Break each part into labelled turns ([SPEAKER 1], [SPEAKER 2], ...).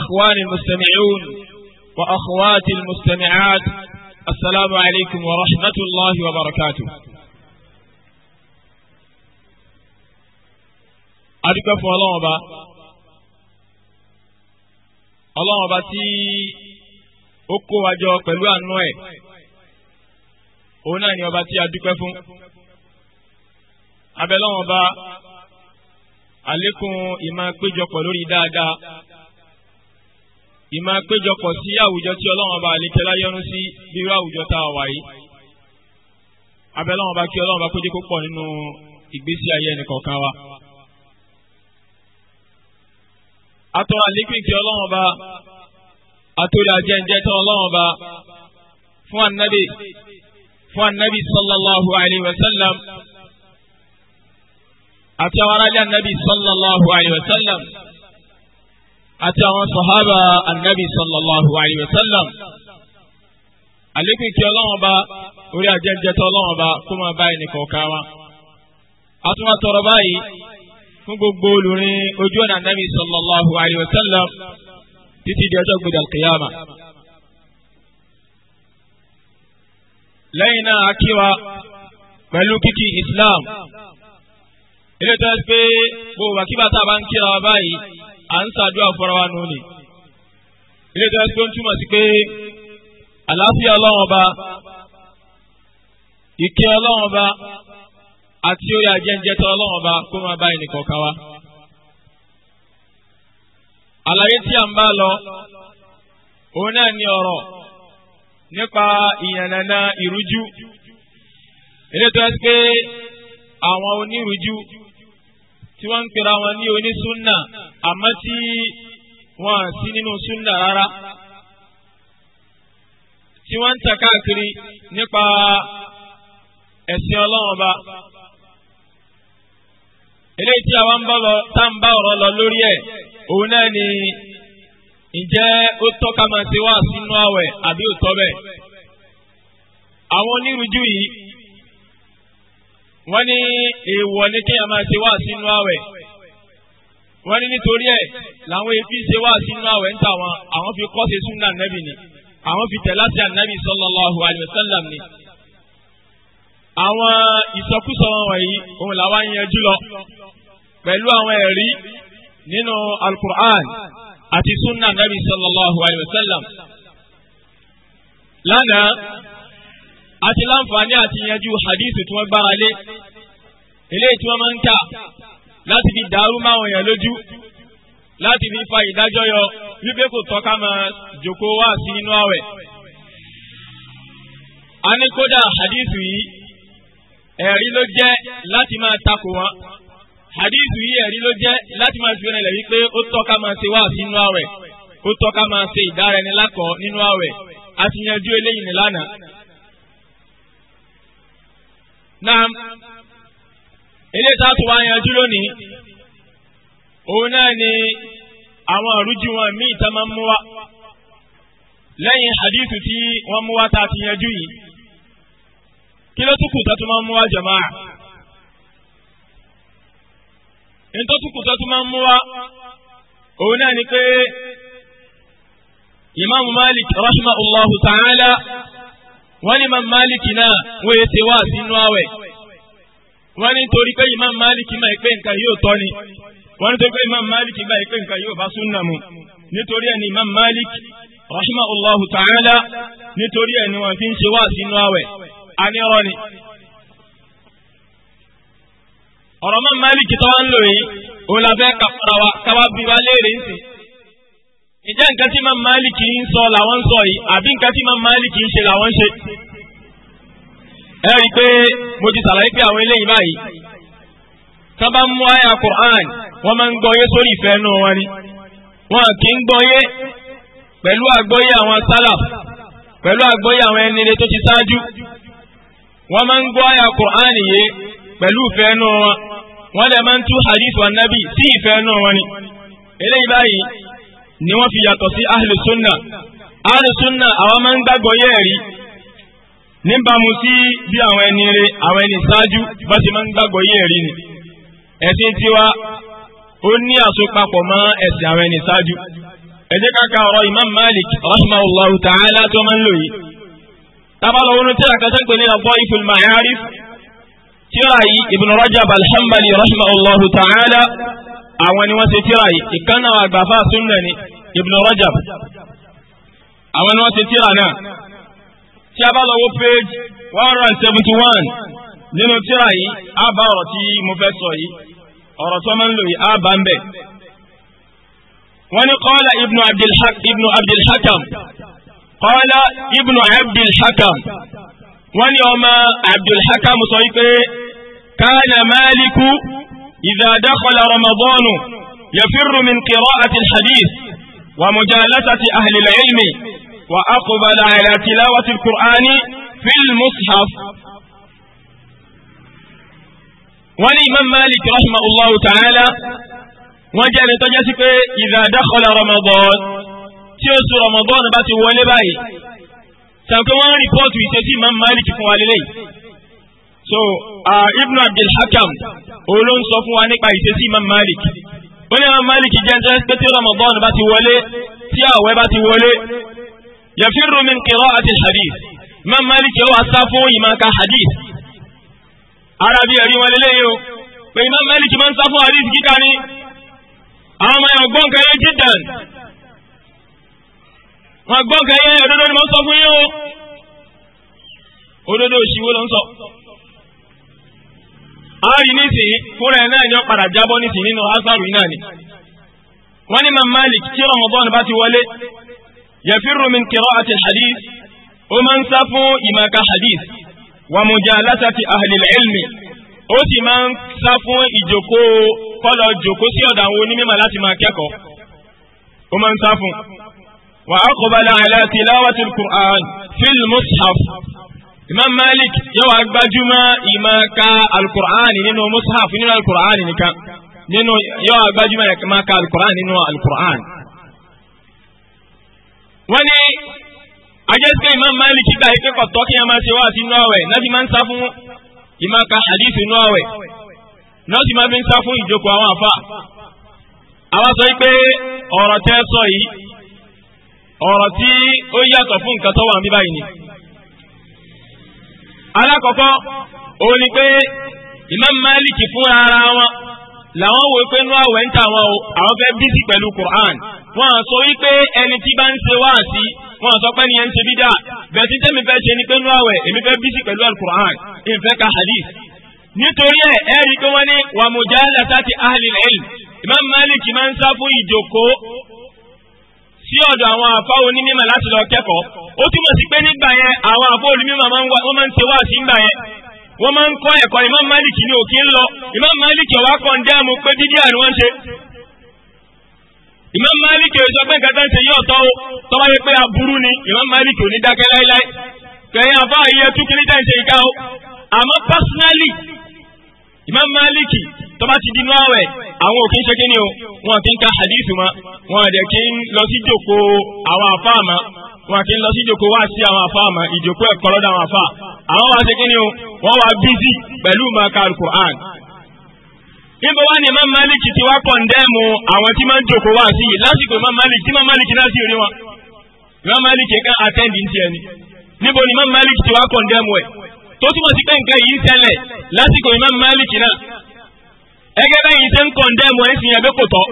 [SPEAKER 1] إخواني المستمعون وأخواتي المستمعات السلام عليكم ورحمة الله وبركاته adúgbò fún ọlọ́run ọba ọlọ́run ọba tí ó kó wa jọ pẹ̀lú àánú ẹ̀ òun náà ni ọba tí a dúpẹ́ fún abẹ́lọ́run ọba àlékún ìmọ̀ péjọpọ̀ lórí dáadáa ìmọ̀ àpéjọpọ̀ sí àwùjọ tí ọlọ́run ọba àlékẹ́lá yọ́nú sí bírú àwùjọ tá a wà yìí abẹ́lọ́run ọba kí ọlọ́run ọba kó jẹ́ nínú ìgbésí ayé ẹnìkọ̀ọ̀kan wa. atọ́ àlékún kí ọlọ́run ọba àtòrí àjẹǹjẹ tán ọlọ́run ọba fún anabi fún anabi sallallahu alayhi wa sallam àti àwọn aráàlú anabi sallallahu alayhi wa sallam àti àwọn sọ̀hábà annabi sallallahu alayhi wa sallam àlékún kí ọlọ́wọ́n bá orí ajẹ́jẹ́tọ́ ọlọ́wọ́n bá kó máa bá ẹnì kọ̀ọ̀kan wa. a tún máa tọrọ báyìí fún gbogbo olùrin ojú ọ̀nà annabi sallallahu alayhi wa sallam títí di ọjọ́ gbọdọ̀ kìyàmà. lẹ́yìn náà a pẹ̀lú kíkí islam ilé tó ń pé gbogbo àkíbàtà bá ń kíra wa báyìí à ń ṣàdúrà fúnra wa nù ni ilé tó yẹ kó ń túmọ̀ sí pé àlàáfíà ọlọ́run ọba
[SPEAKER 2] ìkẹ́ ọlọ́run ọba àti oyè àjẹjẹtọ ọlọ́run
[SPEAKER 1] ọba kó máa bá ẹnìkan ká wa. àlàyé tí a ń bá lọ òun náà ni ọ̀rọ̀ nípa ìyànnànà ìrújú ilé tó yẹ pé àwọn onírújú tí wọ́n ń pera wọn ní onísúnnà àmọ́ tí wọ́n sí nínú súnà rárá tí wọ́n ń tà káàkiri nípa ẹ̀sìn ọlọ́run ọba eléyìí tí àwa ń bá lọ tá ń bá ọ̀rọ̀ lọ lórí ẹ̀ òun náà ni ǹjẹ́ ó tọ́ máa ṣe wá sínú àwẹ̀ àbí ó bẹ́ẹ̀ àwọn onírújú yìí wọ́n ní èèwọ̀ ní kéèyàn máa ṣe wá sínú àwẹ̀ wọ́n ní nítorí ẹ̀ làwọn èéfì ṣe wá sínú àwẹ̀ ń tà wọn àwọn fi kọ́ ṣe súnà nẹ́bì ni àwọn fi tẹ̀ láti ànábì sallallahu alaihi wasallam ni. àwọn ìsọkúsọ wọn wọ̀nyí òun làwa ń yanjú lọ pẹ̀lú àwọn ẹ̀rí nínú alukur'an àti súnà nẹ́bì sallallahu alaihi lánàá àti láǹfààní àti yanjú hadith tí wọ́n gbára lé eléyìí tí wọ́n máa ń kà láti fi dàrú máwọn èèyàn lójú láti fi fa ìdájọ́ yọ wípé kò tọ́ ká máa jòkó wá sí nínú àwẹ̀. a ní kódà hadith yìí ẹ̀rí ló jẹ́ láti máa takò wọn hadith yìí ẹ̀rí ló jẹ́ láti máa fi rìnlẹ̀ wípé ó tọ́ máa ṣe wá sí nínú àwẹ̀ ó tọ́ máa ṣe ìdáraẹnilákọ̀ọ́ nínú àwẹ̀ a yanjú eléyìí ní lánàá eléyìí tá a tún wá yanjú lónìí òun náà ni àwọn àrújú wọn míì tá máa ń mú wa lẹ́yìn hadithu tí wọ́n mú wa tá a ti yanjú yìí kí ló tún kù tó tún máa ń mú wa jàmáà ntótùkù tó tún máa ń mú wa òun náà ni pé imaamu malik rahma allahu ta'ala wọ́n ní imaamu malik náà wọ́n yẹ ti wá wọ́n ní torí pé Imam Malik máa pé nǹkan yóò tọ́ ni wọ́n ní torí pé Imam Malik bá pé nǹkan yóò bá súnà mu nítorí ẹni Imam Malik rahimahullahu ta'ala nítorí ẹni wọ́n fi ń ṣe wá sínú àwẹ̀ anírọ́ ni. ọ̀rọ̀ Imam Malik tó wá ń lò yìí òun la fẹ́ wa káwá bí wa léèrè ń sìn. ìjẹ́ nǹkan tí Imam Malik ń sọ làwọn ń sọ yìí àbí nǹkan tí Imam Malik ń ṣe làwọn ń ṣe ẹ rí i pé mo ti sàlàyé pé àwọn eléyìí báyìí tá bá mú àyà Qur'an wọ́n máa ń gbọ́yé sórí ìfẹ́ nù wọn ni wọn kì í gbọ́yé pẹ̀lú àgbọ́yé àwọn sálà pẹ̀lú àgbọ́yé àwọn ẹni tó ti ṣáájú wọ́n máa ń gbọ́ àyà Qur'an yìí pẹ̀lú ìfẹ́ nù wọn wọ́n lè máa ń tú hadith wa nabi sí ìfẹ́ nù wọn ni eléyìí báyìí ni wọ́n fi yàtọ̀ sí ahlusunna sunna ahlu àwọn máa ń gbàgbọ́ yẹ́ẹ̀rí níbàámu sí bí àwọn ẹni rẹ àwọn ẹni ṣáájú bá ti máa ń gbàgbọ́ yí ẹ̀rí ni ẹ̀sìn tiwa ó ní àsopapọ̀ mọ́ ẹ̀sìn àwọn ẹni ṣáájú ẹ jẹ́ ká ka ọ̀rọ̀ Imam Malik rahimahullahu ta'ala tó máa ń lò yìí tábàlọ́ wọn tí àkàtà ń pè ní àbọ̀ ìfúnni ma'arif tíra yìí Ibn Rajab al-Hanbali rahimahullahu ta'ala àwọn ni wọ́n ṣe tíra yìí ìkànnà àgbàfà sunna ni Ibn Rajab àwọn ni wọ́n ṣe tíra náà tí a bá lọ wo page one hundred and seventy one
[SPEAKER 3] nínú tíra yìí
[SPEAKER 1] á bá ọ̀rọ̀ tí mo fẹ́ sọ yìí ọ̀rọ̀ tó máa ń lò yìí á bá ń bẹ̀. wọ́n ní qala ibnu abdulhakam qala ibnu abdulhakam wọ́n ní ọmọ abdulhakam sọ yìí pé kana máàlíkù idha dakhala ramadanu yafirru min qira'ati alhadith wa mujalasati ahli alilmi. وأقبل على تلاوة القرآن في المصحف والإمام مالك رحمه الله تعالى وجاء لتجاسك إذا دخل رمضان تيوس رمضان بات ولباي سنكوان ريبوت ويسيسي إمام مالك فوالي so uh, ibn abdulhakam olóhùn sọ fún wa nípa ìṣesí imam malik ó ní imam malik jẹ́ jẹ́ pé tí ramadan bá ti يفر من قراءة الحديث من مالك لو أصافه ما كان حديث عربي أري ولليه فإما مالك من صافه حديث كاني، أما يقبون كي جدا ويقبون كي يدودون من صافه يو òdodo òṣìwò ló ń sọ ari nísìnyí fúnra ẹ náà ni wọn padà jábọ́ nísìnyí nínú asaru náà ni yafiru min qira'ati hadith ó máa ń sá fún ìmọ̀ọ́ká hadith wa mujalasati ahli al-ilmi ó sì máa ń sá fún ìjòkó kọ́lọ̀ jòkó sí ọ̀dà àwọn onímọ̀ láti máa kẹ́kọ̀ọ́ ó máa ń sá fún. wa aqbala ala tilawati al-Qur'an fil mushaf Imam Malik yóò wá gbájúmọ́ ìmọ̀ọ́ká al-Qur'an nínú mushaf nínú al-Qur'an nìkan nínú yóò wá gbájúmọ́ ìmọ̀ọ́ká al-Qur'an nínú al-Qur'an wọ́n ní ajẹ́síkẹ́ Imam Malik gba ìpè kọ̀tọ́ kí a máa ṣe wá sí inú àwẹ̀ náà ti máa ń sá fún ìmáka hadith inú àwẹ̀ náà ti máa fi ń sá fún ìjókòó àwọn àfa àwa sọ pé ọ̀rọ̀ tẹ́ sọ yìí ọ̀rọ̀ tí ó yàtọ̀ fún nǹkan tó wà ní báyìí ni. alákọ̀ọ́kọ́ òun ni pé Imam Malik fúnra ara wọn làwọn wò pé inú àwẹ̀ ń ta àwọn àwọn fẹ́ bísí pẹ̀lú Qur'an wọn à sọ wípé ẹni tí bá ń ṣe wá sí wọn à sọ pé ẹni yẹn ń ṣe bídà bẹ́ẹ̀ tí tẹ́mi fẹ́ ṣe ni pé nú àwẹ̀ èmi fẹ́ bísí pẹ̀lú alukur'an ìfẹ́ ka hadith nítorí ẹ ẹ rí i pé wọ́n ní wà mujalasati ahli al-ilm Imam Malik máa ń sá fún ìjòkó sí ọ̀dọ̀ àwọn àfa onímọ̀ láti lọ kẹ́kọ̀ọ́ ó túmọ̀ sí pé nígbà yẹn àwọn àfa olùmímọ̀ wọ́n máa ń ṣe wá sí nígbà yẹn wọ́n máa ń kọ́ ẹ̀kọ́ Imam Malik ní òkè ń lọ Imam Malik ọ̀wá kan dẹ́mu pé bídíà ni wọ́n ń ṣe Imam Malik ò sọ pé nǹkan tó ń ṣe yí ọ̀tọ̀ o bá yẹ pé aburú ni Imam Malik ò ní dákẹ́ láíláí kẹ̀yìn àbá ayé ẹtú kí ní tẹ̀ ń ìka o àmọ́ personally Imam Malik tó bá ti di inú àwẹ̀ àwọn ò kí ń ṣe kíni o wọn kì í ka hadith ma wọn àdẹ kì í lọ sí jòkó àwọn àfáà ma wọn kì í lọ sí jòkó wá sí àwọn àfáà ma ìjòkó ẹ̀kọ́ lọ́dọ̀ àwọn àfáà àwọn wá ṣe kíni o wọ́n wá bízì níbo wá ní Imam Malik ti wá kọ̀ndẹ́mù àwọn tí máa ń jòkó wá sí yìí lásìkò Imam Malik tí Imam Malik náà sì rí wọn Imam Malik kan àtẹ́ǹdì ń tiẹ̀ ni níbo ni Imam Malik ti wá kọ̀ndẹ́mù ẹ̀ tó túmọ̀ sí pé nǹkan yìí ṣẹlẹ̀ lásìkò Imam Malik náà ẹgẹ́ bẹ́yìn ṣe ń kọ̀ndẹ́mù ẹ̀ sì yẹn bẹ́ kò tọ́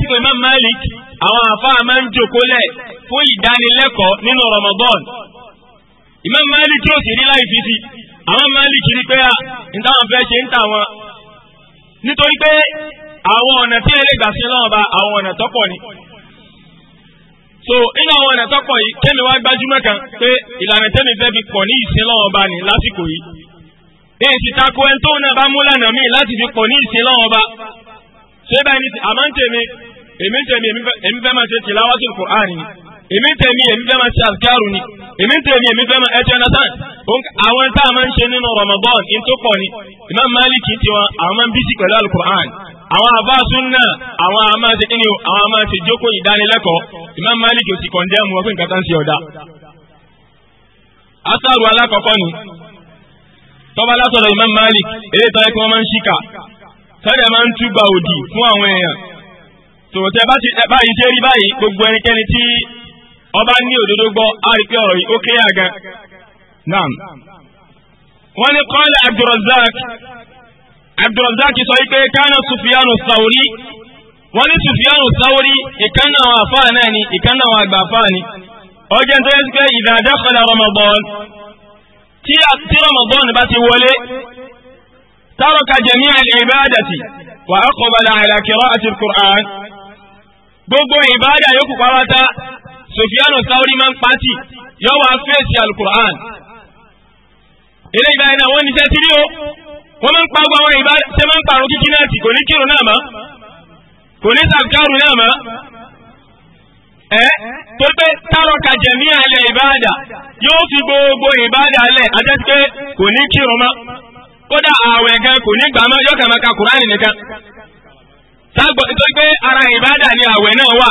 [SPEAKER 1] sọ àwọn àfáà máa ń jòkó lẹ̀ fún ìdánilẹ́kọ̀ọ́ nínú Ramadan Imam Malik yóò sì rí láì fi sí àwọn Malik rí pé ìtàwọn ah, fẹ́ ṣe ń tà wọn nítorí pé àwọn ọ̀nà tí ẹ gbà sí lọ́wọ́ bá àwọn ọ̀nà tọ́pọ̀ ni so nínú àwọn ọ̀nà tọ́pọ̀ yìí kémi wá gbájúmọ́ kan pé ìlànà tẹ́mi fẹ́ fi pọ̀ ní ìsìn lọ́wọ́ bá ní lásìkò yìí èyí sì tako ẹni tó náà bá mú lànà míì láti fi pọ̀ ní ìsìn lọ́wọ́ bá ṣé báyìí ní àmọ́ ń tèmi èmi èmi ń tẹ̀lé èmi fẹ́ máa ẹtì ọ̀nàtàn àwọn tá a máa ń ṣe nínú Ramadan ní tó pọ̀ ni Imam Malik ti wọn àwọn máa ń bísí pẹ̀lú alukur'an àwọn àbáṣun náà àwọn a máa ṣe kíni àwọn a máa ṣe jókòó ìdánilẹ́kọ̀ọ́ Imam Malik ò sì kọ̀ndẹ́mù wọn pé nǹkan kan ṣe ọ̀dà. asaru alákọ̀ọ́kọ́ ni tọ́ba látọ̀dọ̀ Imam Malik eré tọ́ ẹ̀kọ́ máa ń ṣíkà sọ́dẹ̀ máa ń túgbà òdì fún àwọn èèyàn tòótẹ́ báyìí ṣe rí báyìí gbogbo ẹnikẹ́ni ọba ní òdodo gbọ́ á rí pé ọ̀rọ̀ yìí ó kéré àga. naam wọ́n ní qala abdulrazak abdulrazak sọ wípé kánà sufiyanu sauri wọ́n ní sufiyanu sauri ìkànnà àwọn àfáà náà ni ìkànnà àwọn àgbà àfáà ni ọjọ́ tó yẹ pé idha dakhala ramadan tí ramadan bá ti wọlé taraka jami'a al-ibadati wa aqbala ala qira'ati al Sofiano Sauri máa ń pàtì yóò wá fèsì alukur'an. eléyìí báyìí náà wọ́n ní sẹ́sí rí o wọ́n máa ń pa gbogbo àwọn ìbá ṣe máa ń pààrọ̀ kíkí náà tì kò ní kírun náà mọ́ kò ní sàkárù náà mọ́. ẹ tó pé tárọ̀ kàjẹ́ ní alẹ́ ìbáàdà yóò fi gbogbo ìbáàdà alẹ́ àjẹsí pé kò ní kírun mọ́ kódà ààwẹ̀ gan kò ní gbàmọ́ yóò kùránì nìkan. sáàgbọ̀ pé ara ìbáàdà ni ààwẹ̀ náà wà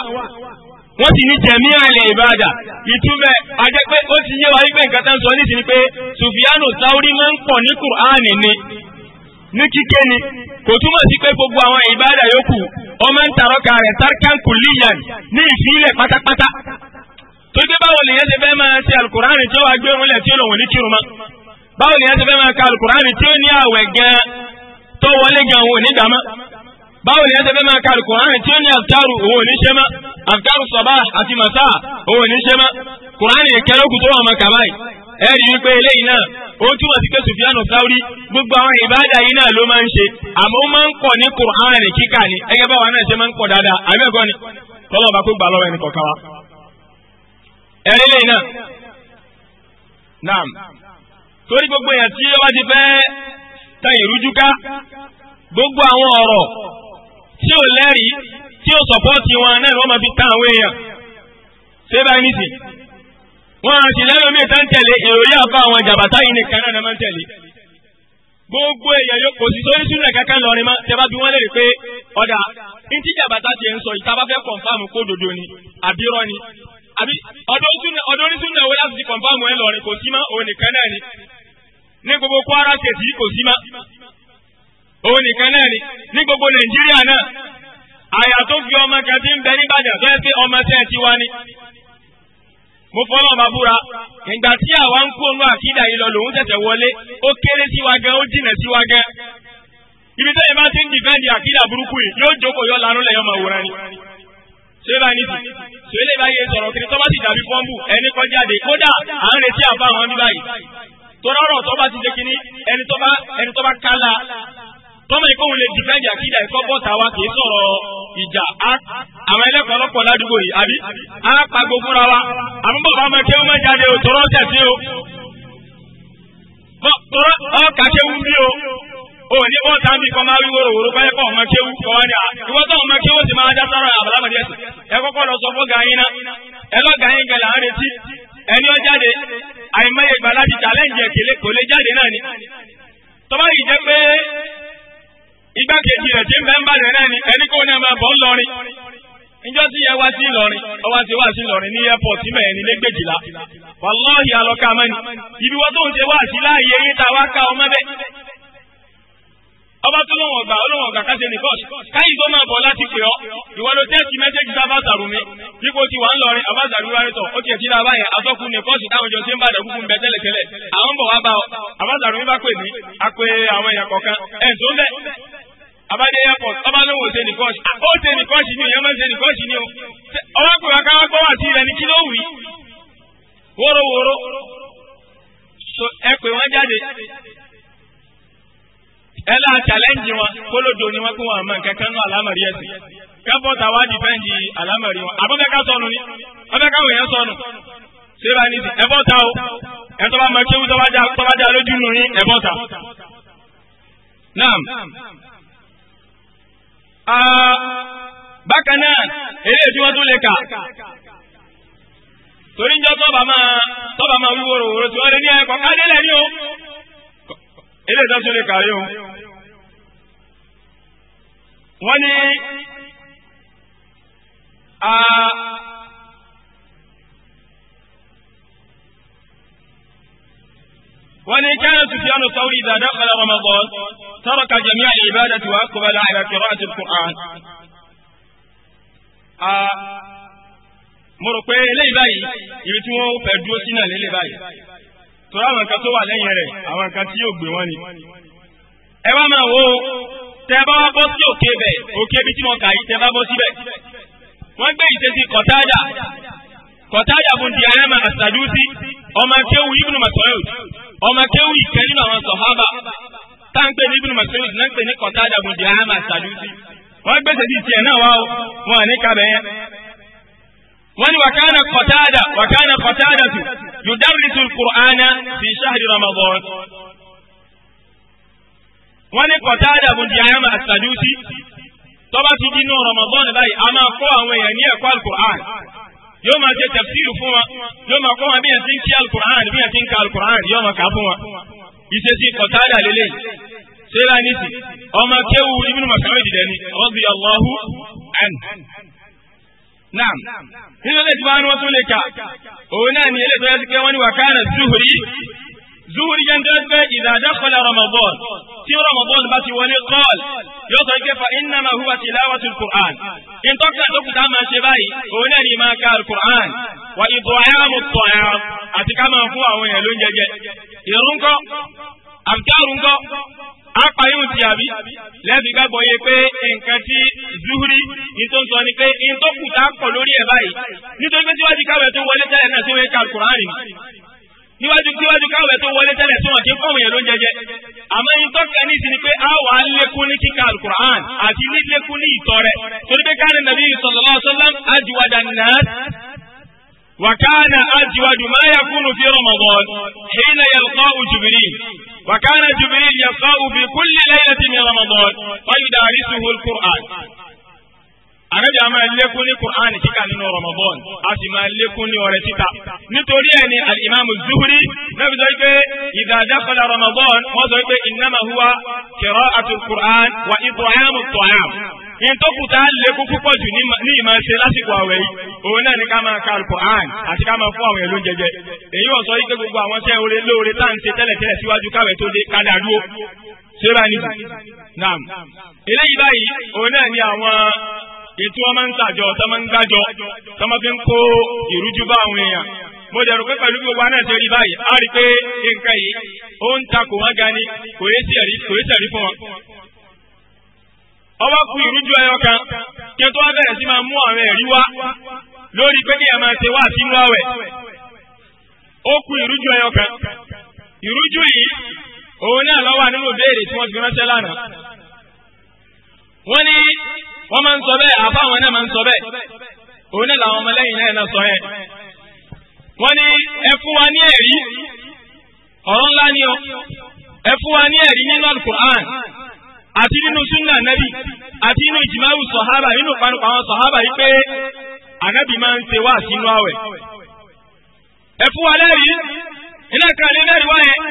[SPEAKER 1] wọ́n sì ní jẹ̀mí àlè ìbàdà ìtumẹ̀ ajẹ́ pé ó ti yé wa wípé nǹkan tán sọ ní ni pé Sufyanu Sauri máa ń pọ̀ ní Kùránì ni ní kíké ni kò túmọ̀ sí pé gbogbo àwọn ìbàdà yòókù ọmọ ń tàrọ́kà rẹ̀ tarkan kulliyan ní ìfilẹ̀ pátápátá tó dé báwo lèyẹn ti fẹ́ máa ṣe alukurani tí ó wá gbé rúnlẹ̀ tí ó lòun ní kírun mọ́ báwo lèyẹn ti fẹ́ máa ka alukurani tí ó ní àwẹ̀ gan tó wọlé gan òun ò ní dàmọ́ báwo lèyẹn ti fẹ́ máa ka alukurani tí ó ní àtàrù òun ò ní ṣe mọ́. afikaru sọba àti masa òun ní ṣe mọ́ kùránì ìkẹlẹ́kù tó wà mọ́ kàbáyì ẹ rí eléyìí náà ó túmọ̀ sí pé sùfíànù gbogbo àwọn ìbáàdà yìí náà ló máa ń ṣe àmọ́ ó máa ń kọ̀ ni ẹgẹ́ báwa náà ṣe máa ń kọ̀ dáadáa àbí ẹ̀kọ́ ni tọ́lọ́ba kó gbà lọ́wọ́ kọ̀ọ̀kan wa. ẹ eléyìí náà naam torí gbogbo èèyàn tí ó ti fẹ́ ta gbogbo àwọn ọ̀rọ̀ tí ò lẹ́rìí tí ó sọ̀pọ́ọ̀tì wọn náà wọ́n máa fi tán àwọn èèyàn ṣé báyìí nìsí. wọ́n á sì lẹ́nu mi tán tẹ̀lé ìròyìn àbá àwọn jàbátá yìí nìkan náà náà máa ń tẹ̀lé. gbogbo èèyàn yóò kò sí sórí sínú ẹ̀kẹ́kẹ́ lọ́rin mọ́ tẹ́ bá bí wọ́n lè rí pé ọ̀dà ntí jàbátá ti ń sọ ìta bá fẹ́ kọ̀ǹfàmù kó dodo ni àbí rọ́ ni àbí ọdún onísùn náà wọ́n láti ti kọ̀ǹfàmù ẹ lọ́rin kò sí mọ́ òun àyà tó fi ọmọ kan ti ń bẹ nígbàdàn tó yẹ pé ọmọ tẹ́ ẹ ti wá ní. mo fọlọ́ ọba búra ìgbà tí àwa ń kó onú àkídà yìí lọ lòun tẹ̀tẹ̀ wọlé ó kéré sí wa gan ó jìnà sí wa gan. ibi tẹ́yìn bá ti ń dìfẹ́ǹdì àkídà burúkú yìí yóò jókòó yọ lanú lẹ́yìn ọmọ òwúrọ̀ ni. ṣé bá ní ti ṣé lè bá yẹ sọ̀rọ̀ kiri tó bá ti dàbí fọ́ńbù ẹni kọjáde kódà à ń retí àbá àwọn bíbáyìí. torọ́rọ̀ tó bá ti jẹ́ kínní ẹni tó bá kálá tọmọ yìí kóhun lè dìfẹ́ǹdì àkídà ẹ̀kọ́ bọ́ta wa kì í sọ̀rọ̀ ìjà àwọn ẹlẹ́kọ̀ọ́ lọ́pọ̀ ládùúgbò yìí àbí á pa wa àmúbọ bá ọmọ kí jáde o tọrọ tẹ sí o tọrọ ọ bí o o ní wọn bí kọ máa wí ọmọ kéwu a ọmọ kéwu máa dá mẹni ní airport mẹ́rin ní lẹ́gbẹ̀jìlá wàláhì alọ́ka mẹ́ni ibi wọ́n tó ń ṣe wá sí láàyè yín tá a wá ká ọmọ bẹ́ẹ̀. ọba tó lóun ọgbà olóun ọgbà káṣe ní kọ́ọ̀sì káyì tó máa bọ̀ láti pè ọ́ ìwọ ló tẹ́sí dípò tí wà ń lọrin ó báyẹn atọ́kùn ní táwọn sí ń bàdàn ọ a abáde airport ọba lówó ṣe nìkọ́ṣì ó ni máa o ọba pè wá gbọ́ wá sí ilẹ̀ ní kí ló í ẹ pè wọ́n jáde ẹ wọn kólódò ni wọ́n pé wọn àmọ́ nǹkan kan ẹ̀sìn kẹ́pọ̀tà wá wọn àbọ̀fẹ́ká sọnù ni ọbẹ̀ká wòye sọnù síra ní ti ẹ̀bọ̀ta o lójú nù ní bákan náà eré tí wọ́n tún lè kà torí njọ́ tọ́ba máa tọ́ba máa wíwo ròwòrò tí wọ́n lè ní ẹ̀kọ́ kádélẹ̀ ní o eré tí wọ́n tún lè kà rí o. wọ́n ní. وإن كان سفيان الثوري إذا دخل رمضان ترك جميع العبادة وأقبل على قراءة القرآن mo rò pé eléyìí báyìí ibi tí wọ́n fẹ́ dúró sí náà lélẹ̀ báyìí torí àwọn nǹkan tó wà lẹ́yìn rẹ̀ àwọn nǹkan tí yóò gbé wọn ni. ẹ wá máa wo tẹ bá wá bọ́ sí òkè bẹ̀ òkè ibi tí mo kà yìí tẹ bá bọ́ síbẹ̀. wọ́n gbé ìṣesí kọ̀tádà kọ̀tádà bùn di ayé máa ṣàdúró sí ọmọ akéwù ibùdó màtọ́yọ̀ ọmọ kéwù ìkẹ́ nínú àwọn sọ̀hábà táǹpẹ̀ ní ibùdó Mas'ud náà ń pè ní Qatada ibn Di'ama Sadusi wọ́n gbèsè di tiẹ̀ náà wá o wọn à ní kabẹ̀ yẹn. wọ́n ní wàkánà Qatada wàkánà Qatada tù yudarrisul Qur'ana fi shahri Ramadan. wọ́n ní Qatada ibn Di'ama Sadusi tọ́ba ti dín ní Ramadan báyìí a máa àwọn èèyàn ní ẹ̀kọ́ al-Qur'an yóò máa ṣe tafsiru fún wa yóò máa kọ́ wa bí yẹn ti ń kí alukur'an bí yẹn ti ń ka alukur'an yóò máa kà fún wa ìṣesí kọ̀tàdà lélẹ̀ sẹ́lá nìsí ọmọ kéwu ibnu Mas'ud dẹni radiyallahu anhu. Naam.
[SPEAKER 3] Nínú ilé ìtura ni wọ́n tún lè kà,
[SPEAKER 1] òun náà ni ilé ìtura ti kẹ́ wọ́n ní wàkánà zuhuri zuhuri gangan pé ìdàdàkọlẹ ramadan tí ramadan bá ti wọlé kọl yóò sọ pé fa iná máa huwa tilawatu qur'an ìtọ́ka dókítà máa ṣe báyìí òun náà ni máa ka qur'an wa ìbọ̀yàmù tọ̀yà àti ká máa fún àwọn èèyàn ló ń jẹjẹ ìrún kọ́ àbíkárùn kọ́ apayún ti àbí lẹ́bi gbàgbọ́ yẹ pé nǹkan tí zuhuri ní tó ń sọ ni pé ní tó kùtà pọ̀ lórí ẹ̀ báyìí nítorí pé tí wọ́n ti káwé tó wọlé tẹ́lẹ̀ náà sí wọ́n ká qur'an níwájú kíwájú káwé tó wọlé tẹ́lẹ̀ tí wọ́n ti fún òun yẹn ló ń jẹjẹ. àmọ́ yín tọ́ka ní ìsinmi pé a wà á lékún ní kíka alukur'an àti ní lékún ní ìtọ́rẹ. torí pé káàní nàbí sallallahu alaihi ajiwájà náà وكان أجود ما يكون في رمضان حين يلقاه جبريل وكان جبريل يلقاه في كل ليلة من رمضان فيدارسه القرآن ànábì a máa lékún ní Qur'an kíkà nínú Ramadan a sì máa lékún ní ọrẹ títà nítorí ẹ̀ ni alimami Zuhri náà sọ pé idha dakhala Ramadan wọ́n sọ pé innama huwa qira'atul Qur'an wa it'amut ta'am ìtọ́kùtà lékún púpọ̀ jù ní ìmọ̀ ṣe lásìkò àwẹ̀ yìí òun náà ní ká máa ka alukur'an àti ká máa fún àwọn èlò jẹjẹ èyí wọ́n sọ wípé gbogbo àwọn ṣẹ́ lóore tá à ń ṣe tẹ́lẹ̀tẹ́lẹ̀ ní tí wọ́n máa ń tàjọ tó máa ń gbájọ tó máa fi ń kó ìrújú bá àwọn èèyàn mo dẹ̀rù pé pẹ̀lú gbogbo aná ṣe rí báyìí a rí pé nǹkan yìí ó ń ta kò wọ́n ga ni kò yé sẹ̀rí kò yé sẹ̀rí fún wọn. ọwọ́ ku ìrújú ẹyọ kan
[SPEAKER 3] kí tó bẹ̀rẹ̀ sí
[SPEAKER 1] máa mú àwọn ẹ̀rí wá lórí pé kí ẹ máa ṣe wá sínú àwẹ̀ ó ku ìrújú ẹyọ kan ìrújú yìí òun náà ló nínú ìbéèrè tí wọ́n fi ránṣẹ́ lánàá. wọ́n ní wọ́n máa ń sọ bẹ́ẹ̀ àbá àwọn náà máa ń sọ bẹ́ẹ̀ òun náà làwọn ọmọlẹ́yìn náà náà sọ yẹn. wọ́n ní ẹ fún wa ní ẹ̀rí ọ̀rọ̀ ńlá ni ọ ẹ fún wa ní ẹ̀rí nínú alukur'an àti nínú sunna nabi àti nínú ìjìmáwù sọ̀hábà nínú panupọ̀ àwọn sọ̀hábà yìí pé ànábì máa ń ṣe wá sínú àwẹ̀. ẹ fún wa lẹ́rìí ilé ìkàlẹ̀ lẹ́rìí wá yẹn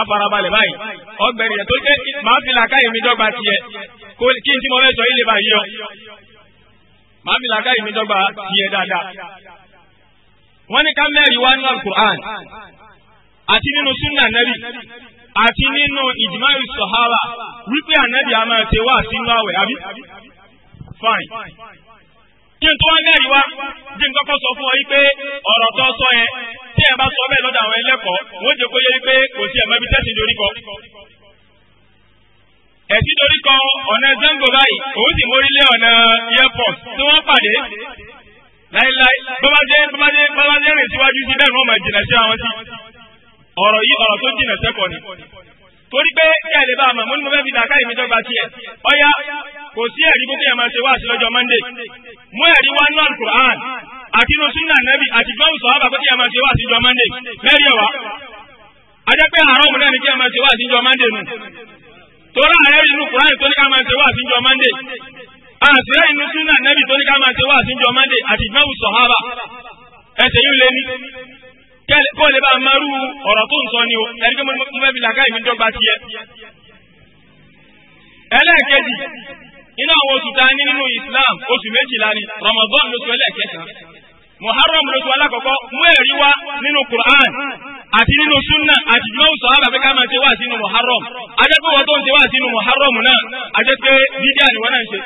[SPEAKER 1] a farabalẹ̀ báyìí ọgbẹ́ni tó ké kí n tí mo fẹ́ sọ yìí lè bá yí ọ. màá fi làákà yìí mi dọ́gba yẹ dáadáa. wọ́n ní ká mẹ́rin wá nínú alukur'an àti nínú sunna nabi àti nínú ìjìmáyì sọ̀hábà wípé ànábì a máa ṣe wá sínú àwẹ̀ àbí. fine kí n tó wá mẹ́rin wá bí n kọ́kọ́ sọ fún ọ wípé ọ̀rọ̀ tó sọ yẹn tí ẹ bá sọ bẹ́ẹ̀ lọ́dọ̀ àwọn ẹlẹ́kọ̀ọ́ wọ́n jẹ́ kó yẹ wípé kò sí ẹ̀mọ́ ibi tẹ́sí dorí kọ ẹ̀sìn torí kan ọ̀nà zango báyìí òun sì mórílé ọ̀nà airport tí wọ́n pàdé láíláí bọ́bájẹ́ bọ́bájẹ́ bọ́bájẹ́ rìn síwájú sí bẹ́ẹ̀ ni wọ́n máa jìnà sí àwọn sí ọ̀rọ̀ yìí ọ̀rọ̀ tó jìnà sẹ́kọ̀ọ́ ni torí pé kẹ́lẹ̀ bá àmọ̀ mo ní mo fẹ́ fi dàka èmi dọ́gba tiẹ̀ ọ̀ya kò sí ẹ̀rí kó kéèyàn máa ṣe wá sí lọ́jọ́ mọ́ndé mú ẹ̀rí wá nínú alukur'an àti inú sunna nẹ́bí àti gbọ́n sọ̀rọ̀ àbá kó kéèyàn máa ṣe wá sí lọ́jọ́ mẹ́rin ọ̀wá ajẹ́ pé àárọ̀ òun náà ni kéèyàn máa ṣe wá sí lọ́jọ́ nù tora ààrẹ inú kùránì tó ní ká máa ṣe wá síjọ mọ́ndé àṣírẹ́ inú súnà nẹ́bì tó ní ká máa ṣe wá síjọ mọ́ndé àti ìgbẹ́wù sọ̀hábà ẹsẹ̀ yóò lé ní kó lè bá marú ọ̀rọ̀ tó ń sọ ni o ẹni tó mọ́ fẹ́ fi làkà ìmí dọ́gba tiẹ̀. ẹlẹ́ẹ̀kejì inú àwọn oṣù tá ní nínú Islam oṣù méjìlá ni Ramadan lóṣù ẹlẹ́ẹ̀kẹta Muharram lóṣù alákọ̀ọ́kọ́ mú ẹ̀rí wá nínú Qur'an àti nínú súnà àti jùlọ sọ̀rọ̀ àbẹ̀ ká máa ṣe wá sínú muharram ajẹ́pẹ́ wọ́n tó ń ṣe wá sínú muharram náà ajẹ́pẹ́ dídí àníwọ́ náà ń ṣe.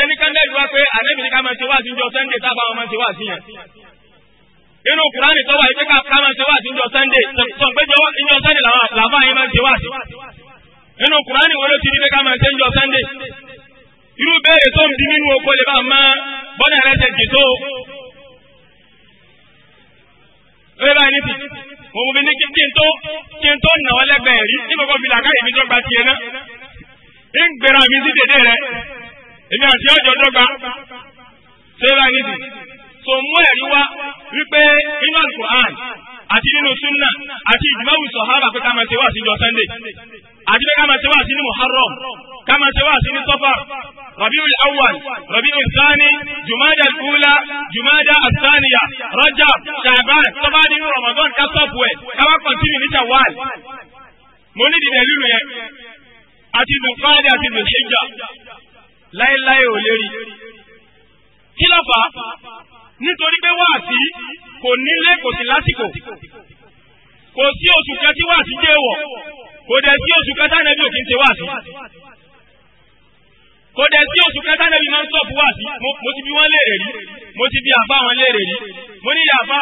[SPEAKER 1] ẹni kan lẹ́yìn wá pé àlẹ́bìrì ká máa ṣe wá síjọ sunday tábà wọn máa ṣe wá sí yẹn. inú kùránì tọ́wọ́ yìí pé ká máa ṣe wá síjọ sunday sọ pé jọ ìjọ sunday làwọn àyè máa ṣe lórí báyìí nítì òun mi ní kí n tó kí n tó nà ọ́ lẹ́gbẹ̀ẹ́ rí ní kọ́kọ́ fi làkàyè mi dọ́gba tiẹ̀ náà ń gbéra mi sí dédé rẹ èmi àti ọjọ́ dọ́gba lórí báyìí nítì tó mú ẹ̀rí wá wípé inú Al-Qur'an àti nínú súnà àti ìjùmọ̀wù sọ̀hábà pé ká máa síjọ Sunday àti pé ká máa ṣe wá sí ní muharram ká máa ṣe wá sí ní sọfà rabiul awwal rabiul thani jumada al-ula jumada al-thaniya rajab sha'ban tọ́ba nínú ramadan ká sọ́ọ̀pù ẹ̀ ká wá kọ́ntínú ní shawwal mo ní ìdílé lílu yẹn àti dùnkọ́lẹ́ àti dùnṣẹ́jà láéláé ò lérí. kí ló fà á nítorí pé wáàsí kò nílé kò sí lásìkò kò sí oṣù kan tí wàásù jẹ́ wọ̀ kò dẹ̀ sí oṣù kan tánàbí òkè ń ṣe wàásù kò dẹ̀ sí oṣù kan tánàbí máa ń sọ̀bù wàásù mo ti bi wọ́n léèrè rí mo ti bi àfa wọn léèrè rí mo ní yàfa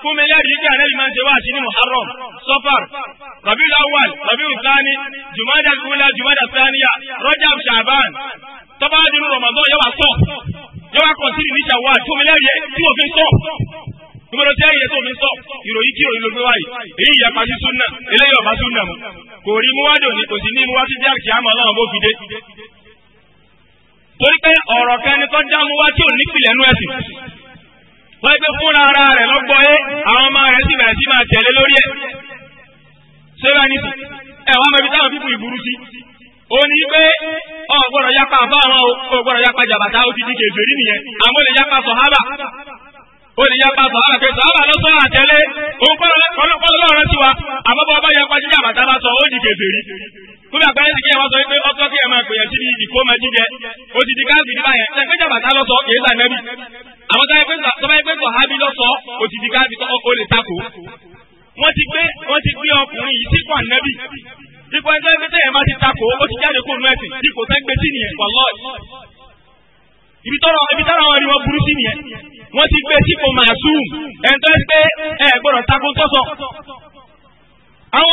[SPEAKER 1] fún mi lẹ́rìí pé ànábì máa ń ṣe wàásù ní muharram sọfar rabiul awwal rabiul thani jumada kula jumada thaniya rajab shaban tọ́ba dunu ramadan yẹ wa sọ yẹ wa kọ̀ sí ní ìṣàwọ̀ fún mi lẹ́rìí tí mo fi sọ. gbogbo tí ayé tó mi sọ ìròyìn kí òyìn ló gbé wáyé èyí ìyapa sí súnà eléyìí ọba súnà mu kò rí muwádìí òní kò sí ní muwá sí díàkì àmọ́ Ọlọ́run bó fi dé. torí pé ọ̀rọ̀ kẹni tó dá muwá tí ẹ̀sìn wọ́n fúnra ara rẹ̀ lọ́gbọ́ yé àwọn ọmọ rẹ̀ sì bẹ̀rẹ̀ sí máa tẹ̀lé lórí ẹ̀. ṣé bá ní táwọn fífún ìburú sí ní pé ọ̀gbọ́dọ̀ ó lè yapa sàhábà pé sàhábà ló sọ àtẹlé òun kọ́lọ́kọ́lọ́ rẹ sí wa àbọ̀bọ̀ ọba yapa jíjà bàtà bá sọ o di kó bí sọ pé kí máa jíjẹ ti di káàbì nípa yẹn ṣe péjà bàtà lọ sọ kìí sàmẹ́bì. àwọn sọ́bàá pé sọ ó ti di káàbì tó lè takò. wọ́n ti gbé ọkùnrin yìí sípò ànẹ́bì ti takò ó ti jáde kó ẹ̀sìn sí nìyẹn ibi tọ́rọ ibi tọ́rọ àwọn ẹni wọn burú sí nìyẹn wọ́n ti gbé sípò màásùm ẹni tó ń pé ẹ gbọ́dọ̀ takun tó àwọn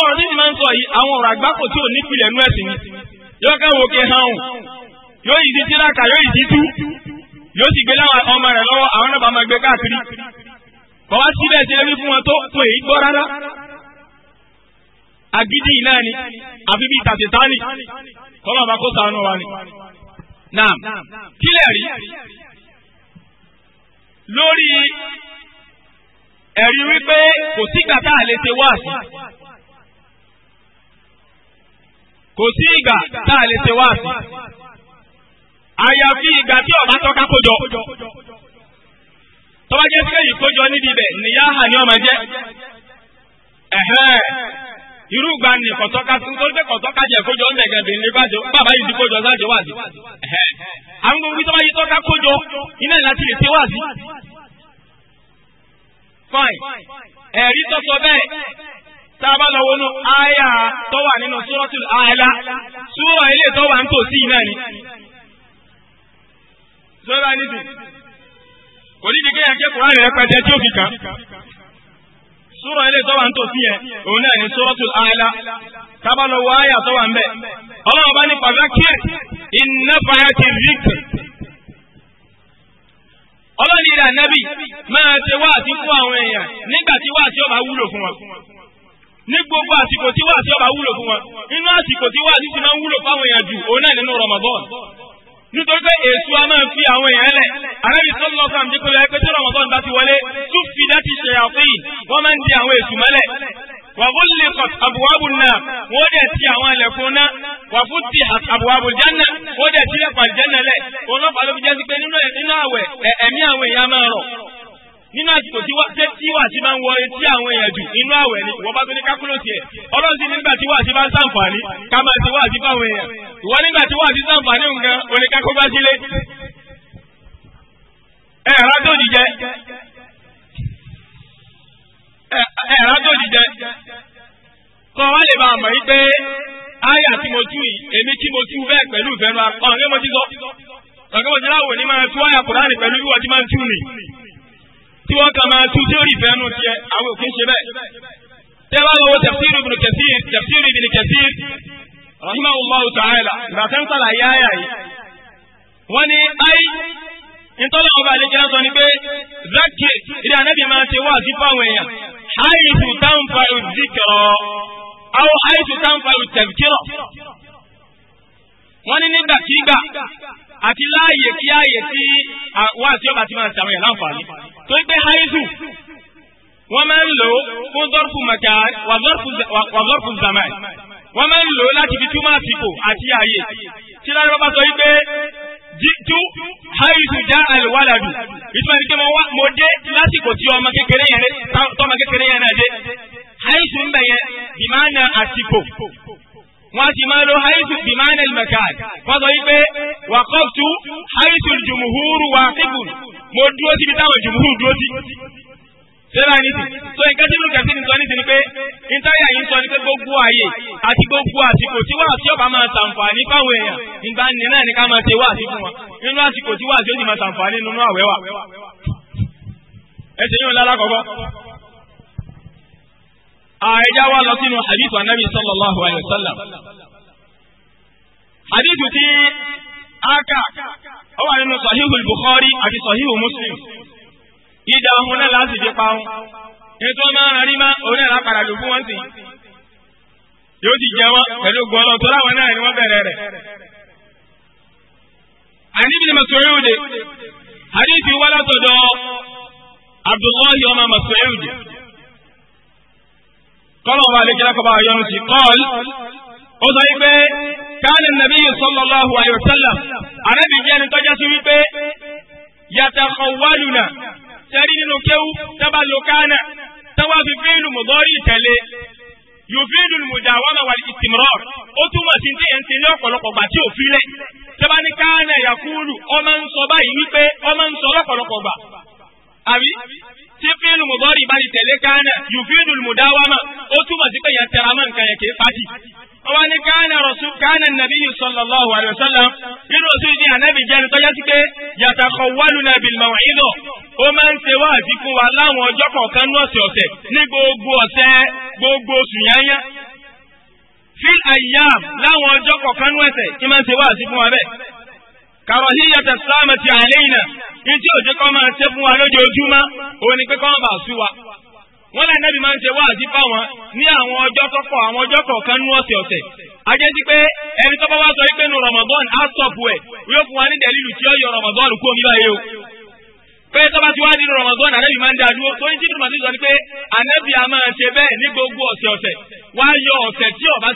[SPEAKER 1] ọ̀rọ̀ tí ti máa ń sọ yìí àwọn ọ̀rọ̀ àgbákò tí ò ní pilẹ̀ nú ẹ̀sìn ni yóò kẹ́ wo kẹ́ hàn yóò yìí ti tiraka yóò yìí ti tú yóò sì gbé láwọn ọmọ rẹ̀ lọ́wọ́ àwọn náà bá máa gbé káàkiri bọ́wá síbẹ̀ ṣe é fún wọn tó tó èyí gbọ́ rárá agídí náà àfi bíi tàtẹ̀tánì kọ́lọ́ bá kó sànù wa ni naam kílẹ̀ rí lórí ẹ̀rí wípé kò sígbà tá a lè ṣe wáàsí kò sí ìgbà tá a lè ṣe wáàsí àyàfi ìgbà tí ọba tọ́ka kójọ tọ́wájẹ́ sí kójọ níbi ibẹ̀ nìyá hà ní ọmọ jẹ́ irú gba ni kọ̀tọ́ka tó tó pé kọ̀tọ́ka jẹ kójọ ń bẹ̀gẹ̀ bìnrin nípasẹ̀ bàbá yìí ti kójọ sáà ṣe wáàsí. àwọn gbogbo ibi tó tọ́ka kójọ iná ìlà ti lè ṣe wáàsí. fine
[SPEAKER 3] ẹ̀rí tọ́sọ bẹ́ẹ̀
[SPEAKER 1] tá a bá lọ wọnú àyà tó wà nínú suratul A'la
[SPEAKER 3] súrọ̀ ilé tó wà nítòsí iná ni.
[SPEAKER 1] sọ́ra níbi kò ní di kéèyàn kékeré rẹ̀ pẹ̀tẹ́ tí ó fi kàn. súrà ilé tọ́wà ń tò sí yẹn òun náà ní suratul A'la tábàlọ̀ wọ àyà tọ́wà ń bẹ̀ ọlọ́run bá ní ọlọ́run ilé ànábì máa fún àwọn èèyàn nígbà tí wá àti ọba fún wọn ní gbogbo àsìkò tí wá fún wọn inú àsìkò tí wá àti èèyàn jù òun náà nínú nítorí pé èso a máa fi àwọn èèyàn lẹ̀ àrẹ́bí sọ́lọ́ sàm jẹ́ pẹ̀lú ẹgbẹ́ tí rọ̀mọ́tọ́ ń bá ti wọlé tún fi láti ṣe àfihàn wọ́n máa ń di àwọn èso mọ́lẹ̀ wàhùnlé àbúwábù náà wọ́n dẹ̀ ti àwọn ẹlẹ́kùn náà wàfútì àbúwábù jánà wọ́n dẹ̀ ti lẹ́pàá jánà lẹ̀ òun náà pàlọ́ fi jẹ́ sí pé nínú àwẹ̀ ẹ̀mí àwọn èèyàn máa rọ̀ nínú àsìkò tí wà sí máa ń wọ etí àwọn èèyàn jù nínú àwẹ̀ ni ìwọ́n bá tó ní kákúlòsì ẹ̀ ọlọ́run sì nígbà tí wà sí bá ń sàǹfààní ká máa ti wà sí fáwọn èèyàn ìwọ́n nígbà tí wà sí sàǹfààní nǹkan oníkákó bá sílé ẹ̀rá tó dìjẹ́ ẹ̀rá tó dìjẹ́ kọ́ wá lè máa mọ̀ yí pé áyà tí mo tú yìí èmi tí mo tú bẹ́ẹ̀ pẹ̀lú ìfẹ́ ọ̀rọ̀ tí wọ́n kàn máa tú tíórì fẹ́nu tiẹ̀ àwọn òkè ṣe bẹ́ẹ̀. tẹ́ bá lọ́wọ́ tafsir ibn kathir tafsir ibn kathir rahimahullahu ta'ala ìbátan sọ̀rọ̀ ayé ayà yìí. wọ́n ní ayé nítorí àwọn ọba àlejò sọ ni pé zakir ilé anábì máa ṣe wáàsí fáwọn èèyàn haythu tanfa'u dhikra aw haythu tanfa'u tadhkira wọ́n ní nígbàkigbà
[SPEAKER 3] àti láàyè kí ààyè tí
[SPEAKER 1] wáàsí ọba ti máa ṣàwọn èèyàn láǹfààní tó ń pẹ́ haizu wọ́n máa ń lò fún zọ́rfù màkà wà zọ́rfù zaman wọ́n máa ń lò láti fi túmọ̀ àsìkò àti ààyè tí lárúbá bá sọ wípé jíjú haizu já àlùwàlàdù ìtumọ̀ ní pé mo dé lásìkò tí ọmọ kékeré yẹn tọ́mọ kékeré yẹn náà dé haizu ń bẹ̀yẹn ìmáàna àsìkò wọ́n ti máa lo haizu ìmáàna ìmẹ̀kà wọ́n sọ wípé wàkọ́tù haizu jùmùhúrù wà kíkùn mo dúró síbi táwọn jùmùú dúró sí sẹ́lá ní ti tó nǹkan tí lùkẹ́ sí ni sọ ní ti ni pé ìtayà yìí ń sọ ní pé gbogbo ààyè àti gbogbo àsìkò tí wàá tí ọba máa ṣàǹfààní fáwọn èèyàn ìgbà ní náà ní ká máa ṣe wáàsí fún wọn nínú àsìkò tí wàá tí ó sì máa ṣàǹfààní nínú àwẹ̀ wa. ẹsẹ̀ yóò lára kọ̀kọ́. àìjá wa lọ sínú hadith anabi sallallahu alayhi wa sallam. tí a kà ó wà nínú sahihul bukhari àti sahihu muslim ìdá ọhún náà láti fi pa wọn ètò ọmọ ara rí má òun náà lápàdà lògùn wọn sí yóò ti jẹ wọn pẹ̀lú gbọlọ tó láwọn náà ni wọn bẹ̀rẹ̀ rẹ̀. àníbi ni Mas'ud àdìsí wà látọ̀dọ̀ abdullahi ọmọ Mas'ud kọlọ wà lè jẹ lákọ̀ọ́ bá yọnu sí kọ́ọ̀lù ó sọ wípé káàní nàbí sallallahu alaihi wasallam àrẹ́bí jẹ́ ẹni tọ́já sí wípé yatakhawwaluna sẹ́rí nínú kéwú tábà lo káànà táwa fi fíìlù mudari ìtẹ̀lé yufidu mudawama wal istimrar ó túmọ̀ sí ti ẹ̀ǹtẹ̀ ní ọ̀pọ̀lọpọ̀ gbà tí ò filẹ̀ tábà ní káànà yakulu ó máa ń báyìí wípé ó máa ń gbà àbí tí fíìlù mùdọ́rì bá ti tẹ̀lé kánà yùfíìlù mùdáwámà ó túmọ̀ sí pé yẹn tẹ̀ra mọ́ nǹkan yẹn kìí pàtì. wọ́n ní kánà rọ̀sù kánà nàbí sallallahu alaihi wasallam nínú oṣù ní ànábì jẹ́ni tọ́já sí pé yàtàkọ̀ wálù nàbì mọ̀wáìdọ̀ ó máa ń ṣe wáàsí fún wa láwọn ọjọ́ kọ̀ọ̀kan ní ọ̀sẹ̀ ọ̀sẹ̀ ní gbogbo ọ̀sẹ̀ gbogbo oṣù yányá fí àyàm láwọn ọjọ́ kọ̀ọ̀kan ní ọ̀sẹ̀ kí máa ń ṣe wáàsí fún wa bẹ́ẹ̀ kàròhíyà tẹ̀sílámà ti àlẹ́yìnà ìdí òjò kan máa ṣe fún wa lójoojúmọ́ òun ni pé kọ́ bá sú wa. wọ́n lẹ́nu ẹbí máa ń ṣe wáàzí fáwọn ní àwọn ọjọ́ tó pọ̀ àwọn ọjọ́ kọ̀ọ̀kan ní ọ̀sẹ̀ ọ̀sẹ̀. ajé sí pé ẹni tó bá wá sọ pé nu Ramadan á sọ̀pù ẹ̀ yóò fún wa ní dẹ̀lílù tí ó yọ Ramadan kú omi báyìí o. pé tó bá ti wá nínú Ramadan ànábì máa ń da dúró tó ń tí tùmọ̀ sí sọ pé ànábì a máa ṣe bẹ́ẹ̀ ní gbogbo ọ̀sẹ̀ ọ̀sẹ̀ wá yọ ọ̀sẹ̀ tí ọba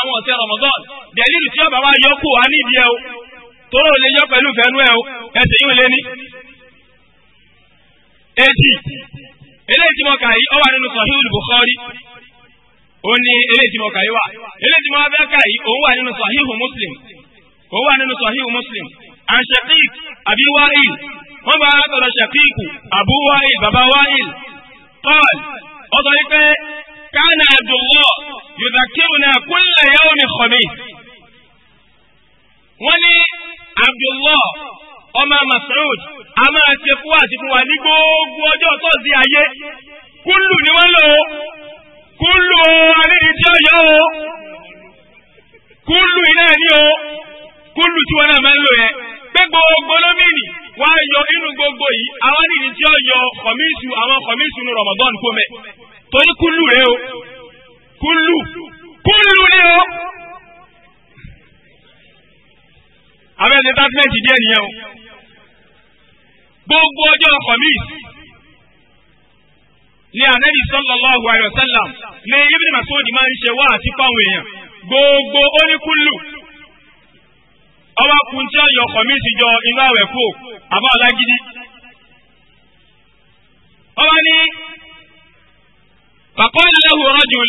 [SPEAKER 1] àwọn ọ̀sẹ̀ Ramadan dẹ̀lílù tí ọba wá yọ kù wá nídìí ẹ o tóró lè yọ pẹ̀lú fẹ́nu ẹ̀ o ẹ̀sìn yìí lé ní. èjì eléyìí tí mo kà yìí ó wà nínú Sahihul Bukhari ó ní eléyìí tí mo kà yìí wà eléyìí tí mo fẹ́ kà yìí òun wà nínú Sahihu Muslim òun wà nínú Sahihu Muslim an Shaqiq Abi Wa'il wọ́n bá alákọ̀ọ́lọ́ Shaqiq Abu Wa'il baba Wa'il qal ọ̀sọ̀ yìí pé kánà Abdullah yudhakkiruna kulla yawmi khamis wọ́n ní Abdullah ọmọ Mas'ud a máa ṣe fún àti fún wa ní gbogbo ọjọ́ tó di ayé kúlù ni wọ́n lò ó kúlù àríyìn tí ó yọ ó kúlù iná ẹ̀ ní o kúlù tí wọ́n náà máa ń lò yẹn pé gbogbo lómìnì wá yọ inú gbogbo yìí àwọn nìyí tí ó yọ kọ̀míṣù àwọn kọ̀míṣù ní Ramadan kó mẹ́ torí kúlù rẹ o kúlù kúlù ni o. abẹ́rẹ́ ṣe tátímẹ́ǹtì díẹ̀ nìyẹn o gbogbo ọjọ́ khamis ní anabi sallallahu alayhi wa ni ní ibn Mas'ud máa ń ṣe wá àti fáwọn èèyàn gbogbo oníkúlù ọba kun tí ọyọ khamis jọ inú àwẹ̀ kú àbá ọlágídí ọba ní faqala lahu rajul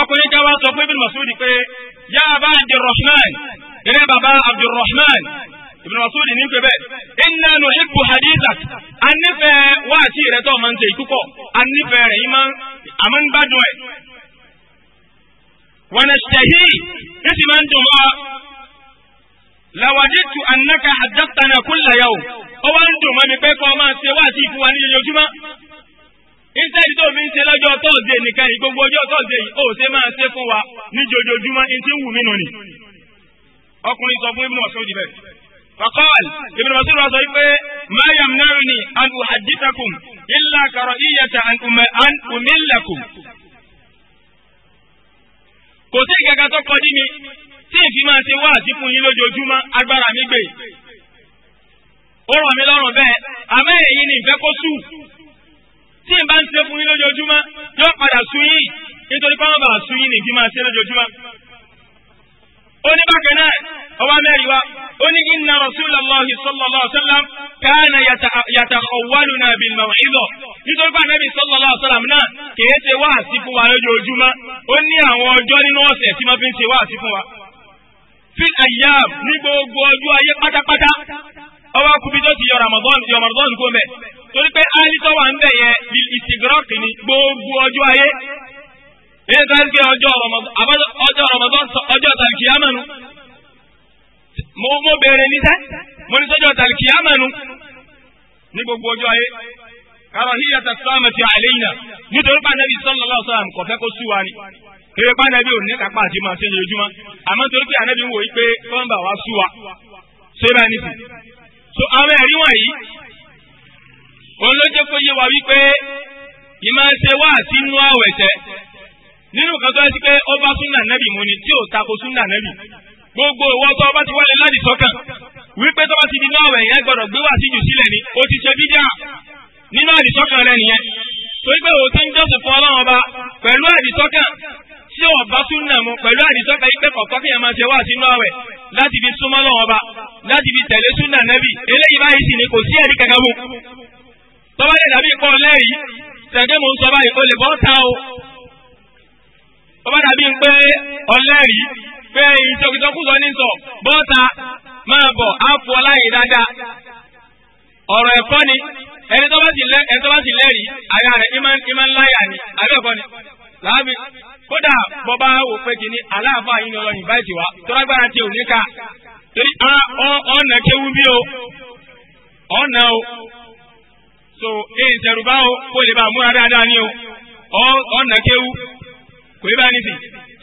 [SPEAKER 1] ọkùnrin ká wá sọ fún ibn Mas'ud pé yá abá àdìrọ̀hman ilé baba abdulrahman ibn masudi ní pẹ́ bẹ́ẹ̀ inna nuhibbu hadithak a nífẹ̀ẹ́ wáàtí rẹ̀ tó máa ń tẹ̀ ìkúkọ̀ a nífẹ̀ẹ́ rẹ̀ yìí máa ń gbádùn ẹ̀ wa nashtahi ní sì máa ń dùn wá lawajidtu annaka haddatana kulla yawm ó wá ń dùn mọ́ mi pé kọ́ máa ṣe wáàtí ìfún wa ní ojoojúmọ́ instead tó fi ń ṣe lọ́jọ́ tọ́ọ̀dé nìkan yìí gbogbo ọjọ́ tọ́ọ̀dé yìí ó ṣe máa ṣe fún wa ní jojoojúmọ́ ní wù mí nù ni ọkùnrin sọ fún Ibn Mas'ud bẹ́ẹ̀. فقال ابن مسعود رضي الله ما يمنعني أن أحدثكم إلا كراهية أن أملكم kò sí ìkàkà tó kọjú mi tí ìfi máa ṣe wá àti fún yín lójoojúmọ́ agbára mi gbé ó ràn mí lọ́rùn bẹ́ẹ̀ àmọ́ èyí ni ìfẹ́ kó sùn tí n ń ṣe fún yín lójoojúmọ́ yóò padà sùn yín nítorí pé wọ́n bá sùn yín ní ìfi máa ṣe lójoojúmọ́ ó ní bákan náà ọba mẹ́rin wa ó ní inna rasulallahi sallallahu alaihi wasallam kana yataqawwaluna bil maw'izah nítorí pé ànábì sallallahu alaihi wasallam náà kìí ṣe wáàsí fún wa lójoojúmọ́ ó ní àwọn ọjọ́ nínú ọ̀sẹ̀ tí wọ́n fi ń ṣe wáàsí fún wa. fil ayyam ní gbogbo ọjọ́ ayé pátápátá ọba kúbi tó ti yọ Ramadan yọ Ramadan kó mẹ́ torí pé alitọ́ wa ń bẹ̀ yẹn bil istigraq gbogbo ọjọ́ ayé ọjọọ sáré pé ọjọ́ Ramadan ọjọ́ tàlìkìyàmà nu mo bèèrè níṣẹ́ mo ní sọ́jọ́ tàlìkìyàmà nu ni gbogbo ọjọ́ ayé karahiyya tasaama ti alayna nítorí pa anabi sallallahu alaihi wa sallam kó ni pa àti pé anabi ń wò yí pé wa bá so àwọn ẹ̀rí kó yé wa nínú kan tó yẹ sí pé ó bá súnà nẹ́bì mu ni tí ò tako súnà nẹ́bì gbogbo ìwọ tó bá ti wálé láti sọ́kàn wípé tó bá ti di náà ẹ̀yẹ́ gbọ́dọ̀ gbé wá síjù sílẹ̀ ni ó ti ṣe bídíà nínú àdìsọ́kàn rẹ nìyẹn torí pé òótọ́ ń jọ́sìn fún ọlọ́run ọba pẹ̀lú àdìsọ́kàn tí ò bá súnà mu pẹ̀lú àdìsọ́kàn yìí pé kọ̀ọ̀kan fi hàn máa ṣe wá sínú àwẹ̀ láti fi súnmọ́ lọ́wọ́ ọba láti fi tẹ̀lé súnà nẹ́bì eléyìí báyìí sì ni kò sí ẹ̀rí kankan mu tọ́wọ́ lè dàbí ìpọ́n lẹ́yìn tẹ̀gẹ́ mò ń sọ báyìí o
[SPEAKER 3] ọba dàbí ń pé
[SPEAKER 1] ọlẹ́rìí pé ìsọkìsọkùsọ ní sọ bọ́ta máa bọ̀ á fọ láyè dáadáa ọ̀rọ̀ ẹ̀kọ́ ni ẹni tó bá sì lẹ́rìí àyà rẹ̀ ìmọ̀ ńláyà ni àbẹ́ẹ̀kọ́ ni láàbí kódà bọ́bá wò pé kì ní aláàfáà yìí ni ọlọ́yìn báyìí ti wá ti ò ní ká torí ọ̀nà kéwú bí o ọ̀nà o so èyí ìṣẹ̀rù bá o kó lè bá múra dáadáa ní o ọ̀nà kéwú kò yí bá ní sí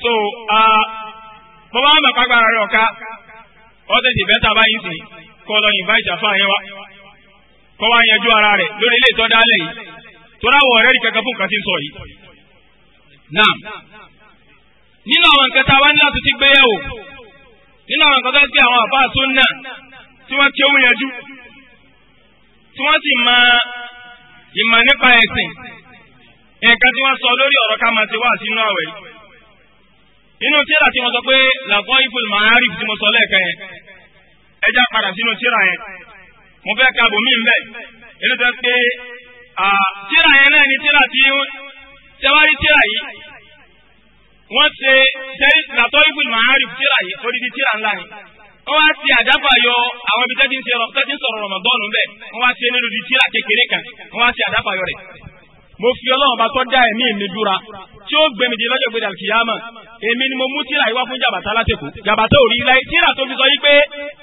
[SPEAKER 1] so bọ́ bá mọ̀ pàgbára rẹ̀ ọ̀ka ọ́ tẹ̀sí bẹ́tà báyìí sí kọ́ lọ yìnbá ìjàfà yẹn wá kọ́ wá yanjú ara rẹ̀ lórí ilé ìtọ́jú alẹ́ yìí torí àwọn ọ̀rẹ́ rí kankan fún nǹkan tí ń sọ yìí. naam nínú àwọn nǹkan tá a wá ní láti ti gbé yẹ̀wò nínú àwọn nǹkan tó ń gbé àwọn àbá sunna tí wọ́n ti ó yanjú tí wọ́n sì máa ìmọ̀ nípa ẹ̀sìn nǹkan tí wọ́n sọ lórí ọ̀rọ̀ ká máa ti wá sínú àwẹ̀ yìí nínú tíra tí sọ pé làgọ́ ibùdó màárì tí mo sọ lẹ́ẹ̀kan yẹn ẹja padà sínú tíra yẹn mo fẹ́ ka bòmí mbẹ́ inú tẹ́ pé tíra yẹn náà ni tíra tí tíra yìí wọ́n ṣe tíra yìí tíra ńlá wọ́n wá ti àdáfà yọ àwọn ibi tẹ́tí ń sọ̀rọ̀ Ramadan di mo fi ọlọ́run bá tọ́ dá ẹ̀mí mi dúra tí ó gbẹ̀mí di lọ́jọ́ gbẹ̀dẹ̀ àkìyámà èmi ni mo mú tíra ìwá fún jàbàtà látẹ̀kù jàbàtà ò rí láyé tíra tó fi sọ yí pé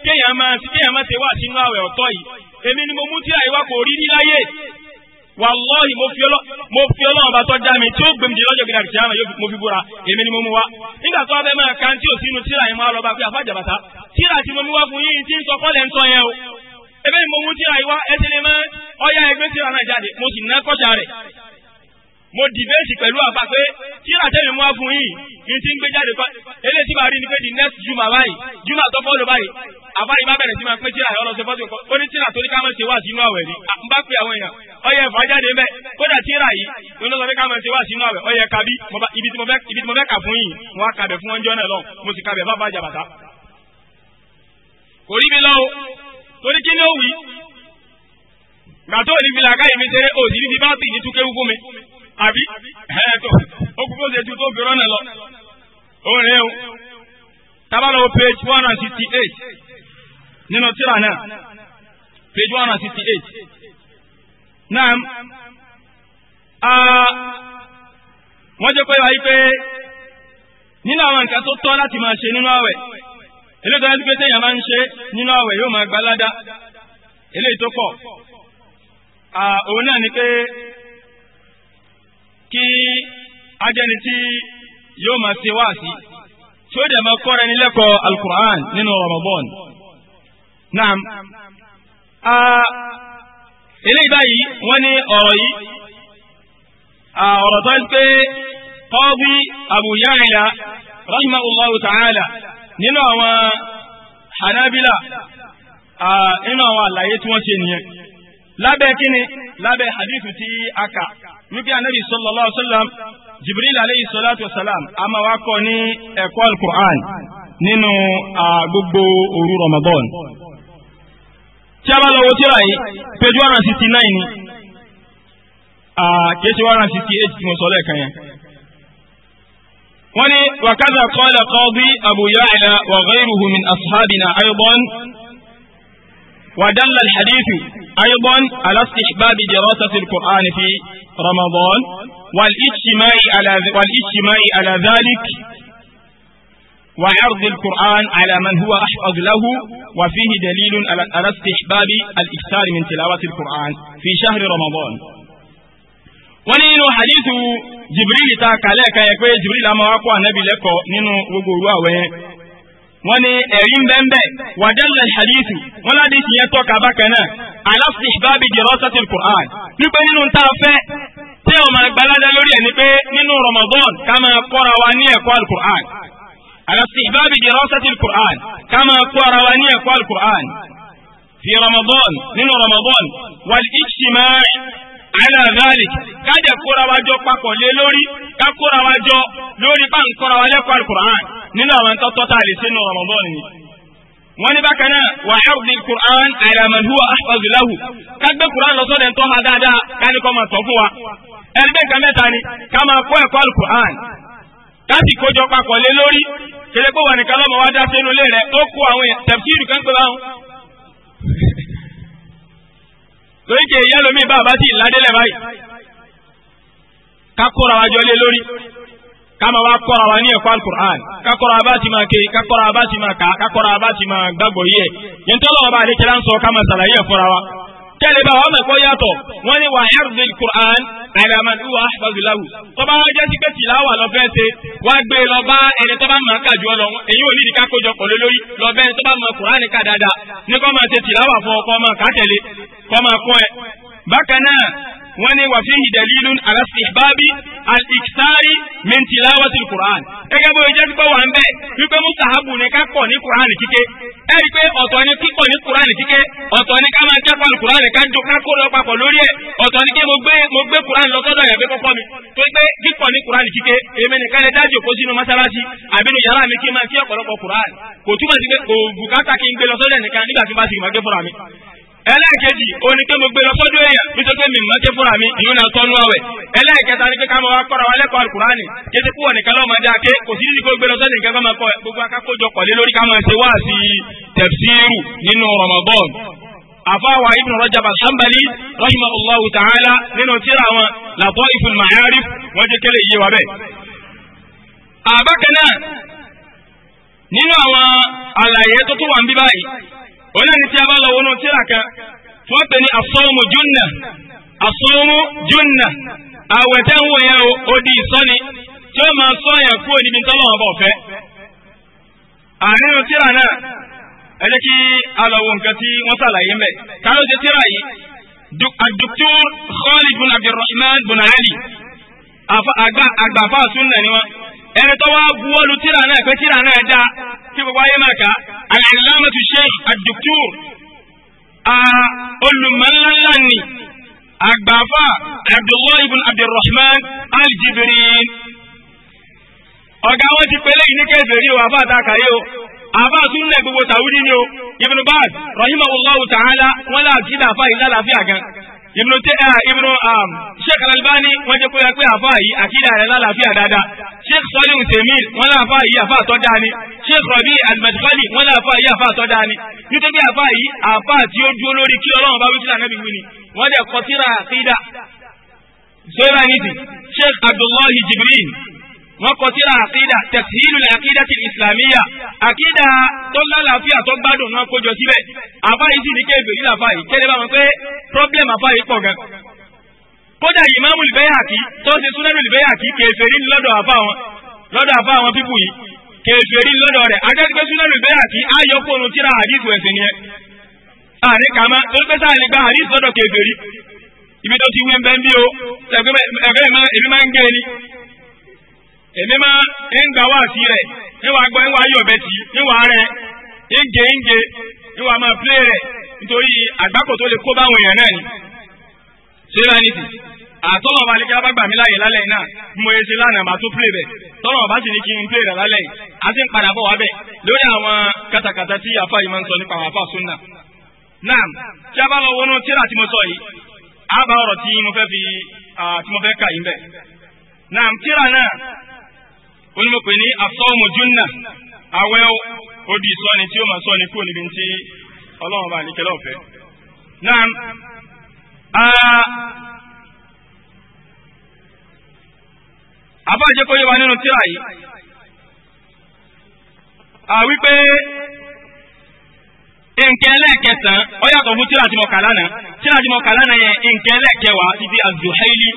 [SPEAKER 1] kéèyàn máa ti kéèyàn máa ti wá sínú àwẹ̀ ọ̀tọ̀ yìí èmi ni mo mú tíra ìwá kò rí rí láyé wàlọ́ọ̀hì mo fi ọlọ́run bá tọ́ dá mi tí ó gbẹ̀mí di lọ́jọ́ gbẹ̀dẹ̀ àkìyámà mo ni mo mú wa nígbà tó abẹ́ máa kan tí ò sínú tíra yẹn máa lọ ebe ni mo mú tí àìwá ẹsẹ̀ lè mọ́ ọyá ẹgbẹ́ tí wọn náà jáde mo sì ná kọjá rẹ̀ mo dìbẹ́ẹ̀sì pẹ̀lú àpá pé tí àtẹ̀mí mú fún yìí ní ti ń gbé jáde kọ́ eléyìí tí màá rí ni pé the next juma báyìí juma tó fọ́ọ̀lù báyìí àbá yìí bá bẹ̀rẹ̀ sí máa pé tíra ọ̀rọ̀ sọ fọ́ọ̀tì kọ́ ó ní tíra tó ní ká máa ṣe wá sínú àwẹ̀ rí n bá pe àwọn èèyàn ọyẹ ẹ̀fọ́ jáde ń bẹ́ kódà tíra yìí ló ń lọ pé ká máa ṣe wá sínú àwẹ̀ ọyẹ kabi ibi tí mo fẹ́ kà fún yìí mo wá kabẹ̀ fún ọjọ́ náà lọ mo sì kabẹ̀ bá bá jàbàtà. kò rí mi lọ́wọ́ torí kí ni ó wí gbàtó ní filaka yìí mi ṣeré òsì ní bá tì ní túkẹ́ wúkú mi àbí ẹ̀ẹ́dọ̀ ó kúkú ṣe tu tó fi rọ́nà lọ. ó rẹ̀ o tábàlọ́ page one hundred sixty eight nínú tíra náà page one hundred sixty eight náà wọ́n jẹ́ pé wáyé pé nínú àwọn nǹkan tó tọ́ láti máa ṣe nínú àwẹ̀ eléyìí tó yẹ pé téèyàn máa ń ṣe nínú àwẹ̀ yóò máa gbalada eléyìí tó pọ̀ òun náà ni pé kí ajẹni tí yóò máa ṣe wáàsí tí ó dẹ̀ máa kọ́ra ẹni lẹ́kọ̀ọ́ alukur'an nínú Ramadan naam eléyìí báyìí wọ́n ní ọ̀rọ̀ yìí ọ̀rọ̀ tó ń pé Qadi Abu Ya'la rahimahullahu ta'ala nínú àwọn hanabila nínú àwọn àlàyé tí wọ́n ṣe nìyẹn lábẹ́ kíni lábẹ́ hadithu tí a wípé anabi sallallahu alaihi jibril alayhi salatu wasalam a máa wá kọ́ ní ẹ̀kọ́ al nínú gbogbo òru Ramadan tí a bá lọ wo tírà yìí
[SPEAKER 3] page one sixty nine
[SPEAKER 1] ni kì í sixty eight tí mo sọ lẹ́ẹ̀kan yẹn. ولي وكذا قال قاضي أبو يعلى وغيره من أصحابنا أيضا ودل الحديث أيضا على استحباب دراسة القرآن في رمضان والاجتماع على والاجتماع على ذلك وعرض القرآن على من هو أحفظ له وفيه دليل على استحباب الإكثار من تلاوة القرآن في شهر رمضان wọ́n ní nínú hadithu jibril ta kàlẹ́ kan yẹ pé jibril àmọ́ wá kọ́ ànábì lẹ́kọ̀ọ́ nínú gbogbo òru àwẹ̀ yẹn wọ́n ní ẹ̀rí ń bẹ́ẹ̀ wàdẹ́lẹ̀ hadithu wọ́n láti ti yẹn tọ́ka bákan náà aláfi ìbábi dirasati al-Qur'an nípa nínú tá fẹ́ tẹ́ ọmọ àgbàládá lórí ẹ̀ ni pé nínú Ramadan ká máa kọ́ra wa ní ẹ̀kọ́ al aláfi ìbábi dirasati al-Qur'an ká máa kọ́ra wa ní ẹ̀kọ́ al fi Ramadan nínú Ramadan wal àìláàbáàlì kájẹ̀ kóra wa jọ papọ̀ lé lórí ká kóra wa jọ lórí bá ń kóra wa lẹ́kọ̀ọ́ alukur'an nínú àwọn tọ́tọ́ tá a lè sínú Ramadan ni. wọ́n ní bákan náà wà á rúdi kur'an ala man huwa ahfazu lahu ká gbé kur'an lọ sọ́dẹ̀ ntọ́ ha dáadáa ká ní kọ́ máa tọ́ fún wa. ẹgbẹ́ nǹkan mẹ́ta ni ká máa kó ẹ̀kọ́ alukur'an ká sì kójọ papọ̀ lé lórí kẹlẹ́gbọ́n wà nìkan lọ́mọ wa dá sínú ilé rẹ̀ ó kó àwọn tafsir torí kì í yá lómi bá àbá tí ìládélẹ̀ báyìí ká kóra wa jọlé lórí ká máa wá kóra wa ní ẹ̀kọ́ alukur'an ká kóra wa bá ti máa ké ká kóra wa bá ti máa kà ká kóra wa bá ti máa gbàgbọ́ yìí yẹn tó lọ́wọ́ bá àdékẹ́lá ń sọ ká máa ṣàlàyé ẹ̀ fúnra wa kẹ́lẹ́ bá wọn mọ̀ kọ́ yàtọ̀ wọ́n ní wàá yàrùdé Qur'an àìràmà ìwà àfọ̀dùláwù tó bá wọ́n jẹ́ sí pé tìláwà lọ fẹ́ ṣe wá gbé e lọ bá ẹni tó bá mọ̀ ká jù ọ lọ èyí ò ní ìdíkà kójọ pọ̀ lórí lọ bẹ́ẹ̀ tó mọ̀ Qur'an ká dáadáa ní kọ́ máa ṣe tìláwà fún ọkọ máa ká kọ́ máa kọ́ ẹ bákan náà wọ́n ní wàfíì dalilun ala istihbabi al-iksari min tilawati al-Qur'an. gẹ́gẹ́ bó jẹ́ pípọ̀ wà ń bẹ̀ wípé mustahabu ni ká kọ̀ ní Qur'an kíké ẹ rí i pé ọ̀tọ̀ ni kíkọ̀ ní Qur'an kíké ọ̀tọ̀ ni ká máa kẹ́kọ̀ọ́ ní Qur'an ká jó ká kó lọ papọ̀ lórí ẹ̀ ọ̀tọ̀ ni kí mo gbé mo gbé Qur'an lọ sọ́dọ̀ yàgbé kọ́kọ́ mi tó pé kíkọ̀ ní Qur'an kíké èmi nìkan lè dájú òkó sínú mọ́sálásí àbínú yàrá mi ẹlẹ́ẹ̀kejì òní pé mo gbé lọ sọ́dọ̀ èèyàn nítorí pé mi mọ̀ ké fúnra mi ìyún náà tọ́nu ọ̀wẹ̀ ẹlẹ́ẹ̀kẹta ni pé ká máa wá kọ́ra wa lẹ́kọ̀ọ́ alukurani kété kúwọ̀ nìkan lọ́mọ dé ake kò sí nídìí kó gbé lọ sọ́dọ̀ nìkan máa kọ́ gbogbo akákójọ pọ̀lé lórí ká máa ṣe wá sí tẹ̀fsíìrù nínú Ramadan. àfáwà Ibn Rajab al-Hanbali Ma'arif wọ́n jẹ́ kẹ́lẹ́ iye wa bẹ́ẹ̀. àbákanáà nínú àwọn onídìí tí a bá lọ wọnú tíra kan tí wọ́n pè ní asọ́mu júnà asọ́mu júnà àwẹ̀ tẹ́ ń wò yẹn o ó di ìsọ́ni tí ó máa sọ yẹn kúrò níbi tọ́lọ́wọ́n bọ̀ fẹ́. àárín tíra náà ẹ jẹ́ kí a lọ wo nǹkan tí wọ́n ṣàlàyé mẹ́ káyọ̀ ṣe tíra yìí Dr. Khalid bin Abdulrahman bin àgbà àgbà fáà sunna ni wọ́n. ẹni tó wá buwọ́lu tíra náà pé tíra náà dá kí gbogbo ayé máa kà al-allamatu sheikh olùmọ̀lánlá ni àgbàfà abdullahi ibn abdulrahman ọ̀gá o àtàkàyé o gbogbo ni o ibn ibnu tẹ ẹ ah, ibnu um, sheikh alalbani wọn jẹ kóyà pé àfa yìí àkídà rẹ lálàáfíà dáadáa sheikh Salim ntẹmíl wọn náà àfa yìí àfa àtọ dáa ni sheikh rabi alimadikali wọn náà àfa yìí àfa àtọ dáa ni nítorí àfa yìí àfa tí ó dúró lórí kí Ọlọ́run bá wí sílẹ̀ anábì wí ni wọn jẹ kọtíra àkídà sọyìn àníjì sheikh abdullahi jibril wọ́n kọ síra àkídà tẹ̀sílù àkídà ti ìsìlámíyà àkídà tó lálàáfíà tó gbádùn náà kójọ síbẹ̀ àfáyí sì ní kéèbè nílà fáyí kéde bá wọn pé problem àfáyí pọ̀ gan. kódà ìmáàmù lìbẹ́yàkí tó ṣe súnẹ́rù lìbẹ́yàkí kèfèrí lọ́dọ̀ àfá wọn lọ́dọ̀ àfá wọn pípù yìí kèfèrí lọ́dọ̀ rẹ̀ adẹ́gbẹ́ súnẹ́rù lìbẹ́yàkí ayọ̀kùnrin tíra àdìsù ẹ̀sìn ni ẹ. ààrẹ kàmá tó ń pẹ́sà lè gba àdìsù lọ́dọ̀ kèfèrí ibi tó ti wí ń bẹ́ ń bí o ẹ̀gbẹ́ mi máa ń gé ni èmi máa ń gbà wá sí rẹ̀ níwà gbọ́ níwà yọ̀bẹ tì níwà rẹ̀ ńge ńge níwà máa plé rẹ̀ nítorí àgbákò tó ni. ọba alẹ́kẹ́ abágbà mi láàyè lálẹ́ na mo yẹ ṣe lánàá màá tó ọba n plé rẹ̀ lálẹ́ yìí a ti ń katakata ti àfa yìí máa sunna. sọ yi, mo fi mo na. onímọ̀pẹ̀ ní asọ́ọ̀mù júnà awẹ́ odi ìsọ́ni tí ó máa sọ́ni kúrò níbi tí ọlọ́run bá ní kẹlẹ́ ọ̀fẹ́. náà àbájẹ́ kó yé wa nínú tíra yìí àwípé nǹkan ẹlẹ́ẹ̀kẹsàn-án ó yàtọ̀ fún tíra tí mo tíra tí mo yẹn nǹkan ẹlẹ́ẹ̀kẹwàá ibi az-Zuhaili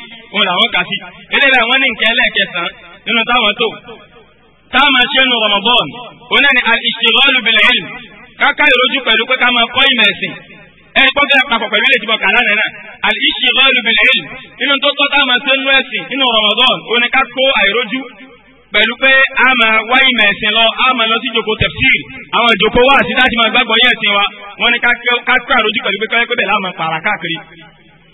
[SPEAKER 1] làwọn kà sí eléyìí nínú táwọn tó táwọn ṣe nu Ramadan oní ni al-ishtighalu bil-ilm káká ìrojú pẹ̀lú pé ká máa kọ́ ìmọ̀ ẹ̀sìn ẹni tó gẹ́ papọ̀ pẹ̀lú ilé ìdìbò kàrá nìyẹn al-ishtighalu bil-ilm nínú tó tọ́ táwọn ṣe nu ẹ̀sìn nínú Ramadan oní ká kó àìrojú pẹ̀lú pé a máa wá ìmọ̀ ẹ̀sìn lọ a máa lọ sí ìjòkó tẹ̀fsìrì àwọn ìjòkó wá àti láti máa gbàgbọ́ yẹ̀sìn wa wọ́n ní ká kó àìrojú pẹ̀lú pé kọ́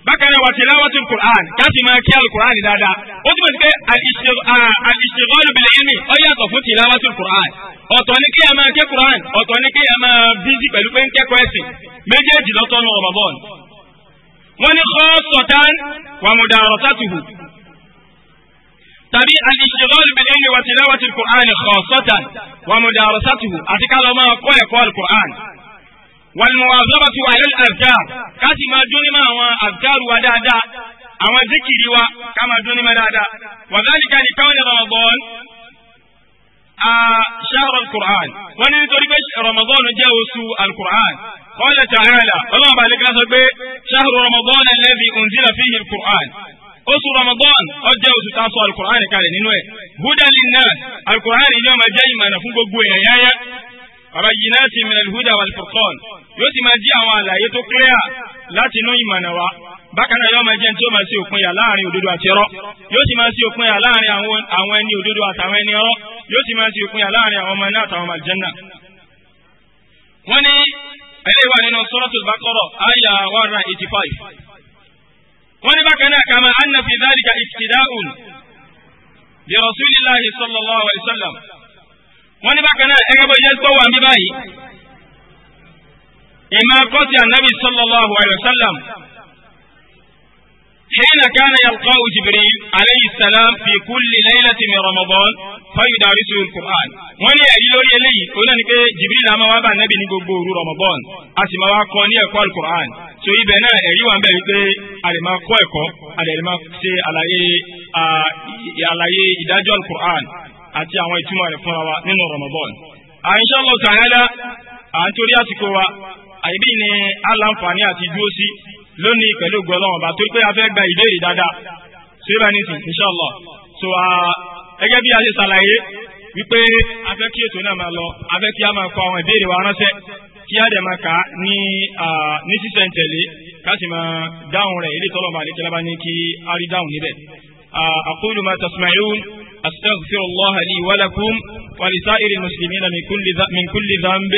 [SPEAKER 1] bákan náà wà tilawati alukur'an káàsì máa kí alukur'an dáadáa ó túmọ̀ sí pé al-ishtighal bil-ilmi ó yàtọ̀ fún tilawati alukur'an ọ̀tọ̀ ni kéèyàn máa ké kur'an ọ̀tọ̀ ni kéèyàn máa bízí pẹ̀lú pé ń kẹ́kọ̀ọ́ ẹ̀sìn méjèèjì lọ́tọ̀ ní Ramadan. wọ́n ní khassatan wa mudarasatuhu tàbí al-ishtighal bil-ilmi wa tilawati والمواظبة على الأذكار كاتي ما دون ما هو أذكار ودادا أما ذكر و كما دون ما دادا وذلك لكون رمضان آه شهر القرآن ونذكر رمضان جاء القرآن قال تعالى الله بالك شهر رمضان الذي أنزل فيه القرآن oṣù رمضان ọjọ́ oṣù tá a sọ alukur'ani kalẹ̀ nínú ẹ̀ hudan linnas alukur'ani yóò máa babayinati min alhuda wal furqan yóò ti máa jí àwọn àlàyé tó clear láti inú ìmọ̀nà wa bákan náà yóò máa jẹ́ tí ó máa ṣe òpin yà láàrin òdodo àti irọ́ yóò sì máa ṣe òpin yà láàrin àwọn ẹni òdodo àtàwọn ẹni irọ́ yóò sì máa ṣe òpin yà láàrin àwọn ọmọ náà àtàwọn màlìjẹ́nà. wọ́n ní ẹ̀rẹ́ wà nínú suratul baqara àyà one eighty five. wọ́n ní bákan náà kama anna fi dhalika ibtida'un bi sallallahu alayhi wa sallam wọ́n ní bákan náà ẹgbẹ́ bó jẹ́ tó wà ń bí báyìí ìmọ̀ kọ́sí ànábì sallallahu alayhi wa sallam حين كان يلقاه جبريل عليه السلام في كل ليلة من رمضان فيدارسه القرآن وني أجلوري لي قلنا نك جبريل أما وابا النبي نقول رمضان أسمى وقوني أقوى القرآن سو إبنا أيوة بيك على ما قويكم على ما سي على إيه على إيه إداجو القرآن àti àwọn ìtumọ̀ rẹ̀ fúnra wa nínú Ramadan. Insha Allah Ta'ala à ń torí àsìkò wa àìbí ni aláǹfààní àti dúró sí lónìí pẹ̀lú gbọ́dọ̀ ọ̀bà tó pé a fẹ́ gba ìbéèrè dáadáa ṣé bá ní sìn Insha so gẹ́gẹ́ bí a ṣe ṣàlàyé wípé a fẹ́ kí ètò náà máa lọ a fẹ́ kí a máa kọ àwọn ìbéèrè wa ránṣẹ́ kí á dẹ̀ máa kà á ní ní sísẹ̀ntẹ̀lé ká sì máa dáhùn rẹ̀ ilé tọ́lọ́mọ àlékelá bá ní kí á rí dáhùn níbẹ̀. aqulu ma tasma'un أستغفر الله لي ولكم ولسائر المسلمين من كل من كل ذنب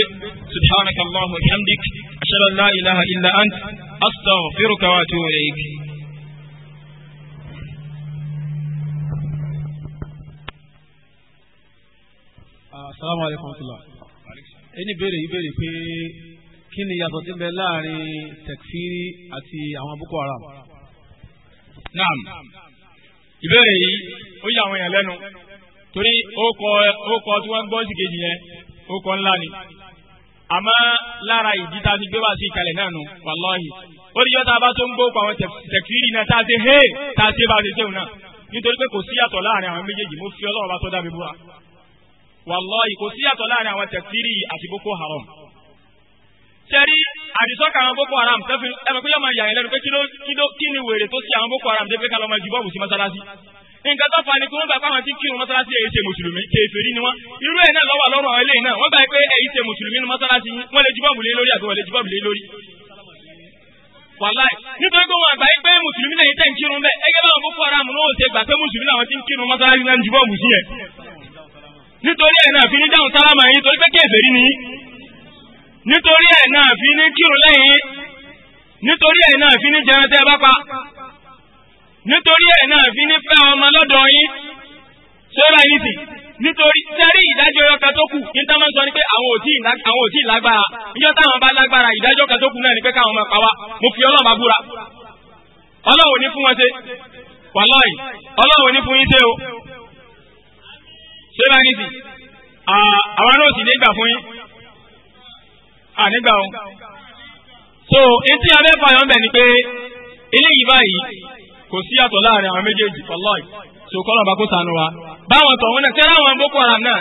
[SPEAKER 1] سبحانك الله وبحمدك أشهد أن لا إله إلا أنت أستغفرك وأتوب إليك
[SPEAKER 2] آه، السلام عليكم ورحمة الله ẹni béèrè yìí béèrè pé kí ni yàtọ̀ tí ń bẹ láàrin tẹkfiri àti àwọn Boko Haram.
[SPEAKER 1] naam. ìbéèrè yìí ó yà àwọn èèyàn lẹ́nu torí ó kọ tí wọ́n gbọ́ sí kejì yẹn ó kọ ńlá ni àmọ́ lára ìdí tá a ti gbé wá sí ìkàlẹ̀ náà nù wàláhì ó rí yọta bá tó ń gbó pa àwọn tẹ̀kìrì náà tá a ṣe hé tá a ṣe bá a ṣe ṣéun náà nítorí pé kò sí yàtọ̀ láàrin àwọn àdìsọ́kà àwọn boko haram tẹ́fí ẹ̀mọ̀ pé yọ máa yà yín lẹ́nu pé kí ni wèrè tó sí àwọn boko haram tẹ́fí ká lọ máa ju bọ́ọ̀bù sí mọ́sálásí nǹkan tó fa ni pé wọ́n gbà pé àwọn tí kírun mọ́sálásí èyí ṣe mùsùlùmí kèfèrí ni wọ́n irú ẹ̀ náà lọ́wọ́ lọ́rùn àwọn eléyìí náà wọ́n gbà pé èyí ṣe mùsùlùmí ní mọ́sálásí wọ́n lè ju bọ́ọ̀bù lé lórí àbí wọ́n lè ju bọ́ọ̀bù lé lórí. wàláì nítorí pé wọn àgbà yín pé mùsùlùmí náà yín tẹ̀ ń kírun bẹ́ẹ̀ ẹgẹ́ bá boko haram náà ṣe gbà pé mùsùlùmí náà wọ́n ti ń kírun mọ́sálásí náà ń ju yẹn nítorí ẹ̀ náà fi ní dáhùn sálámà yín torí pé kèfèrí ni nítorí ẹ̀ náà fi ní kírun lẹ́yìn nítorí ẹ̀ náà fi ní jẹun tẹ́ bá pa nítorí ẹ̀ náà fi ní fẹ́ ọmọ lọ́dọ̀ yín sọ́ra ẹni tì nítorí sẹ́rí ìdájọ́ ọyọ́ kan tó kù ní táwọn sọ ni pé àwọn ò tí ì lágbára níjọ́ táwọn bá lágbára ìdájọ́ kan tó kù náà ni pé káwọn máa pa wá mo fi ọlọ́run bá búra ọlọ́run ní fún wọn ṣe wàláì ọlọ́run ní fún yín ṣe o sọ́ra ẹni tì àwọn náà sì ní gbà fún yín ànígbà ah, o so etí abẹ́ fàyọ̀ ń bẹ̀ ni pé eléyìí báyìí kò sí yàtọ̀ láàrin àwọn méjèèjì fọlọ́ọ̀ì so kọ́lọ̀ bá kó sànù wa báwọn tọ̀ wọn náà tẹ́lá àwọn boko haram náà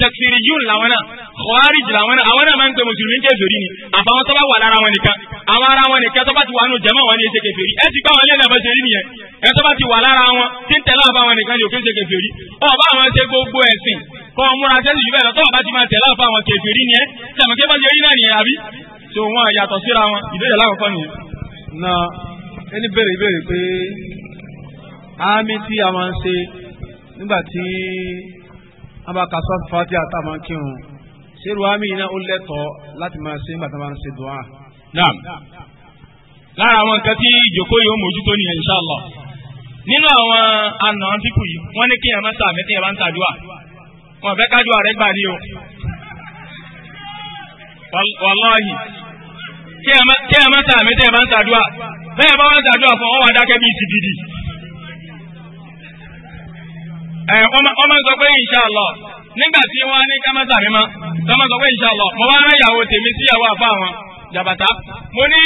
[SPEAKER 1] tẹkfiri yún làwọn náà khawarij làwọn náà àwọn náà máa ń pe mùsùlùmí kèfèrí ni àfàwọn tó bá wà lára wọn nìkan àwọn ara wọn nìkan tó bá ti wà nù jẹ́mọ́ wọn ni èsè kèfèrí ẹ ti gbá wọn lẹ́nu àbẹ̀sẹ̀ rí nìyẹn ẹ tó ti wà lára wọn tí ń tẹ̀lé àbáwọn nìkan ni òkè ń ṣe ọ̀ bá àwọn ṣe gbogbo ẹ̀sìn kọ́ ọ múra sẹ́sì jù bẹ́ẹ̀ lọ tó ti máa tẹ̀lé afọ àwọn kèfèrí ni ẹ́ sẹ́mi kí bá ṣe orí náà nìyẹn àbí wọn yàtọ̀ síra wọn
[SPEAKER 2] ìbéèrè nìyẹn. na ẹni béèrè ìbéèrè pé àmì tí a máa ń ṣe nígbà tí a bá ka fàtí àmì iná ó lẹ́tọ̀ọ́ láti máa ṣe nígbà tí
[SPEAKER 1] a máa ń ṣe dùn án. lára àwọn nǹkan tí ìjòkó yóò mójútó wọn fẹ́ kájú ààrẹ gbà ní o wàláhì kí ẹ má ta àmì tẹ́ ẹ bá ń ṣàdúà bẹ́ẹ̀ bá ń ṣàdúà fún ọwọ́ adákẹ́ bíi ti gidi. ẹ ọmọ sọ pé inshallah nígbà tí wọ́n ní kámẹ́tà mi mọ́ tọ́mọ sọ pé inshallah mo wá rán ìyàwó tèmi sí ìyàwó àfa àwọn jàbàtà mo ní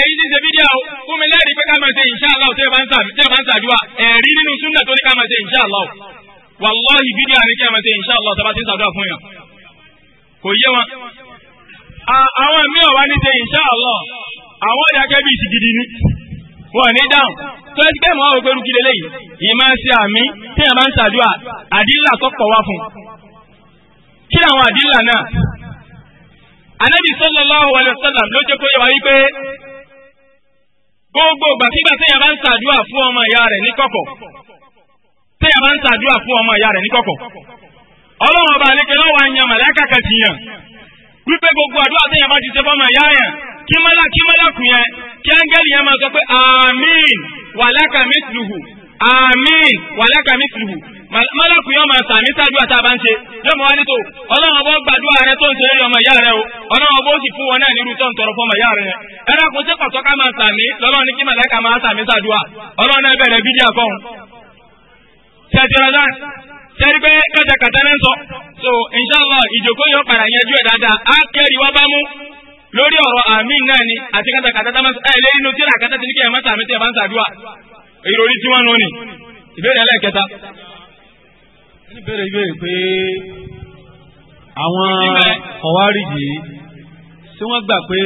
[SPEAKER 1] ẹyin ti ṣe fídíà o fún mi lẹ́rìí pé ká máa ṣe inshallah tẹ́ ẹ bá ń ṣàdúà ẹ̀rí nínú súnà tó ní ká máa inshallah wàláhì bídíà ní kí a máa ṣe insha Allah tàbá ti ń sàdúrà fún yàn kò yé wọn. àwọn míì wá ní ṣe insha Allah àwọn ìdákẹ́ bíi ìsìgìdì ni wọn ní dáhùn tó ẹ ti kẹ́ mọ́ òpèrú kí lélẹ́yìn yìí máa ń ṣe àmì tí a máa ń sàdúrà àdílà tó pọ̀ wá fún. kí àwọn àdílà náà Ànábì sallallahu alaihi wasallam ló jẹ́ kó yẹ wá wípé gbogbo ìgbàkígbà tí a bá ń sàdúrà fún ọmọ ìyá rẹ̀ ní kọ̀kọ̀ téèyàn bá ń ṣàdúrà fún ọmọ ìyá rẹ̀ níkọ̀kọ̀ ọlọ́run ọba àlekè lọ́wọ́ àyàn màláìka kẹsì yàn wípé gbogbo àdúrà téèyàn bá ti ṣe fọmọ ìyá yàn kí mọ́lá kí mọ́lá kù yẹn kí áńgẹ́lì yẹn máa sọ pé àmín wàlákà mítìlùhù àmín wàlákà mítìlùhù mọ́lá kù yẹn máa sàmì sàdúrà tá a bá ń ṣe yóò mọ̀ wá ní tó ọlọ́run ọba gbàdúrà rẹ tó ń ṣe lórí ọmọ ìyá rẹ o ọlọ́run ọba ó sì fún wọn náà nírú tó ń tọrọ fọmọ ìyá rẹ yẹn ẹ̀rọ kò sí pàtó ká máa sàmì lọ́lọ́run ní kí màláìka máa sàmì tẹ̀síra náà tẹ́rí pé kẹta kàtà náà sọ so inshallah ìjókòó yóò padà yanjú ẹ̀ dáadáa á kẹ́rì wá bá mú lórí ọ̀rọ̀ àmì náà ni àti kẹta kàtà tá ẹ lé inú tíra kàtà tí ní kí ẹ má sàmì tí ẹ bá ń sàdúrà ìròrí tí wọ́n nù ni
[SPEAKER 2] ìbéèrè ẹlẹ́ẹ̀kẹta. ní
[SPEAKER 1] bẹ̀rẹ̀ ìbéèrè pé
[SPEAKER 2] àwọn kọ̀wárìjì tí wọ́n gbà pé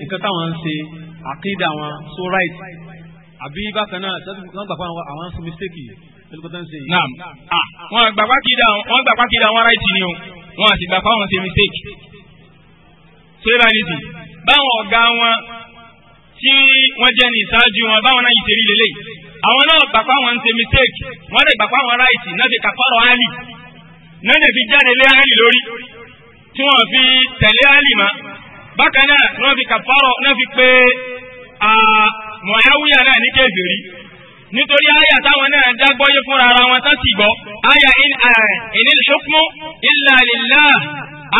[SPEAKER 2] nǹkan táwọn ń ṣe àkídà wọn so right àbí bákan náà
[SPEAKER 1] wọ́n gbà pé àwọn ń ṣe mistake yìí naam ah wọn gbà pákìdá wọn gbà pákìdá wọn ráìtì ni o wọn àti gbà fáwọn ṣe mistake ṣé báyìí nìyí báwọn ọ̀gá wọn tí wọ́n jẹ́ ní ìṣáájú wọn báwọn náà yìí ṣe rí lélẹ̀ àwọn náà gbà fáwọn ṣe mistake wọ́n lè gbà fáwọn ráìtì náà fi kàfọ́rọ̀ áàlì náà lè fi jáde lé áàlì lórí tí wọ́n fi tẹ̀lé áàlì mọ́ bákan náà wọ́n fi kàfọ́rọ̀ náà fi pé ah, Muawiya náà ní kèfèrí nítorí àyà táwọn náà dágbọ́yé fúnra ara wọn tán sì gbọ́ àyà inil hukmu illa lillah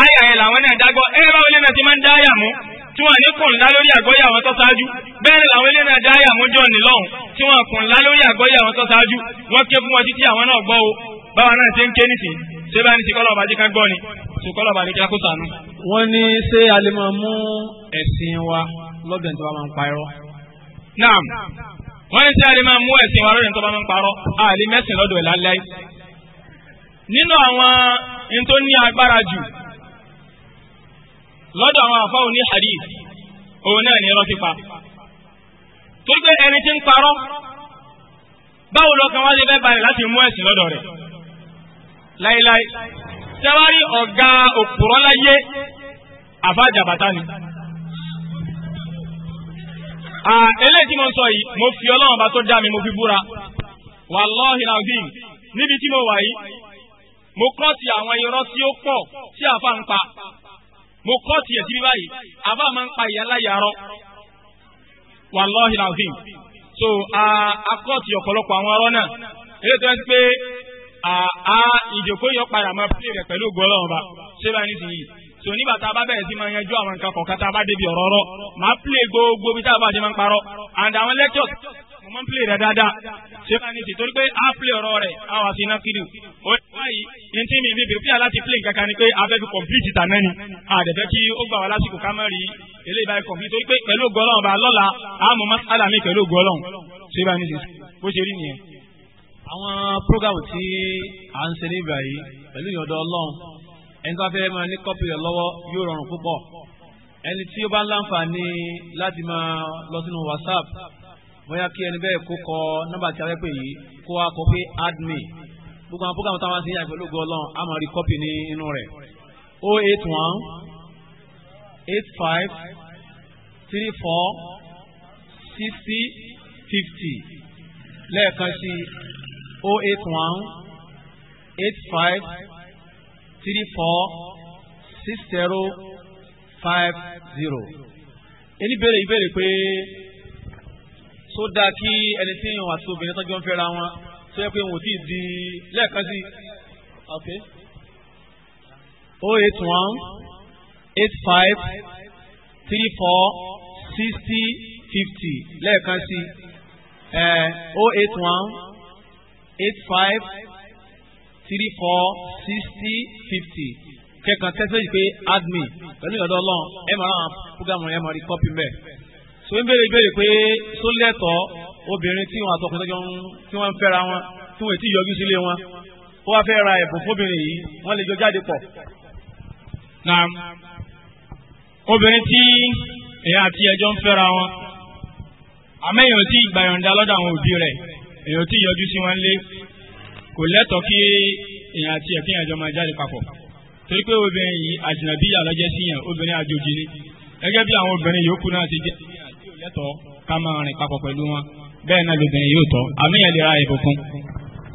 [SPEAKER 1] àyà ẹ̀ làwọn náà dágbọ́ ẹ̀rẹ́ báwọn ilé náà ti máa ń dá àyà mú tí wọ́n ní kùnlá lórí àgọ́yà àwọn tó ṣáájú bẹ́ẹ̀ làwọn ilé náà dá mú jọ nílọ́hùn tí wọ́n kùnlá lórí àgọ́yà àwọn tó ṣáájú wọ́n ké fún wọn títí àwọn náà gbọ́ o báwa náà ṣe ń ké nìsín ṣé bá ní ti kọ́lọ́ ọ̀bàjẹ́ kan gbọ́ ni tó kọ́lọ́ ọ̀bàjẹ́ kan kó sànú.
[SPEAKER 2] wọ́n ní ṣé a lè máa mú
[SPEAKER 1] ẹ̀sìn wa lọ́dọ̀ tí wọ́n máa ń pa irọ́. naam wọ́n ní tí a lè máa mú ẹ̀sìn wa lórí nítorí wọ́n máa ń parọ́ a lè mẹ́sìn lọ́dọ̀ ẹ̀ láláì. nínú àwọn n tó ní agbára jù lọ́dọ̀ àwọn àfa òní hadith òun náà ní irọ́ pípa. tó gbé ẹni tí ń parọ́ báwo lọ́kàn wá lè fẹ́ balẹ̀ láti mú ẹ̀sìn lọ́dọ̀ rẹ̀ láíláí. tẹ́wárí ọ̀gá òpùrọ́ láyé
[SPEAKER 3] àfájàbátá
[SPEAKER 1] ni. Ah, eléyìí tí mo ń sọ yìí mo fi ọlọ́run bá tó dá mi mo fi búra wàláhì làdín níbi tí mo wà yìí mo kọ́ ti àwọn irọ́ tí ó pọ̀ tí àfa ń pa mo kọ́ ti ẹ̀ síbi báyìí àfa máa ń pa ìyá láyà rọ wàláhì so a kọ́ ti ọ̀pọ̀lọpọ̀ àwọn ọ̀rọ̀ náà eléyìí tó ń pẹ́ a ìjòkó yọ padà máa rẹ̀ pẹ̀lú so nígbà tá a bá bẹ̀rẹ̀ sí máa yanjú àwọn nǹkan kọ̀ọ̀kan tá a bá débi ọ̀rọ̀ ọ̀rọ̀ máa play gbogbo bí tá a bá jẹ́ máa ń parọ́ and àwọn lectures mo máa ń play rẹ̀ dáadáa ṣé bá ní tìtorí pé a play ọ̀rọ̀ rẹ̀ a wà sí iná kiri ó ní báyìí ní tí mi bíbí pí aláti play nǹkan kan ni pé a fẹ́ fi complete tà náà ni a dẹ̀ fẹ́ kí ó gbà wá lásìkò ká má rí eléyìí báyìí complete torí pé pẹ̀lú a mọ̀ masala mi pẹ̀lú ògo Ọlọ́run ṣé bá ní tì
[SPEAKER 2] bó ṣe rí nìyẹn. àwọn prógámù tí à ń ṣe ẹni tó bá fẹ́ máa ní kọ́pì rẹ̀ lọ́wọ́ yóò rọrùn púpọ̀ ẹni tí ó bá láǹfààní láti máa lọ sínú whatsapp bóyá kí ẹni bẹ́ẹ̀ kó kọ nọ́mbà tí a fẹ́ pè yìí kó wa kọ pé add me gbogbo àwọn program táwọn ti ń yà pẹ̀lú ògo ọlọ́run a máa rí kọ́pì ní inú rẹ̀ o oh eight one eight five three four sixty fifty lẹ́ẹ̀kan sí o oh eight one eight five three four six zero five zero. ẹni béèrè ìbéèrè pé tó dáa kí ẹni tí ìwọ̀n àti obìnrin tó jọ ń fẹ́ra wọn tó yẹ pé wọn ò tí ì di lẹ́ẹ̀kan sí. okay. oh eight one eight five three four sixty fifty lẹ́ẹ̀kan sí. Eh, oh eight one eight five three four sixty fifty kẹ́kàn tẹ́sẹ̀jì pé admin pẹ̀lú ìyọ̀dọ̀ ọlọ́run ẹ máa ràn fúgàmù ẹ máa rí kọ́pì mẹ́ẹ̀. so ń béèrè ìbéèrè pé só lẹ́tọ̀ọ́ obìnrin tí wọn àtọkùnrin tí wọ́n ń fẹ́ra wọn tí wọ́n ti yọjú sílé wọn ó wá fẹ́ ra ẹ̀bùn fóbìnrin yìí
[SPEAKER 1] wọ́n lè jọ jáde pọ̀. na obìnrin tí èèyàn àti ẹjọ́ ń fẹ́ra wọn àmẹ́yìn ò tí ì gbàyànjá lọ́dọ̀ àwọn òbí rẹ̀ èèyàn ò tí ì yọjú sí wọn lé kò lẹ́tọ̀ọ́ kí èèyàn àti ẹ̀kí ẹ̀jọ́ máa jáde papọ̀ torí pé obìnrin yìí àjìnàbí àlọ́jẹ́ sí yàn obìnrin àjòjì ni gẹ́gẹ́ bí àwọn obìnrin yòókù náà ti jẹ́ yóò lẹ́tọ̀ọ́ ká máa rìn papọ̀ pẹ̀lú wọn bẹ́ẹ̀ náà lóbìnrin yóò tọ́ àmúyẹ̀ lè ra ìbùkún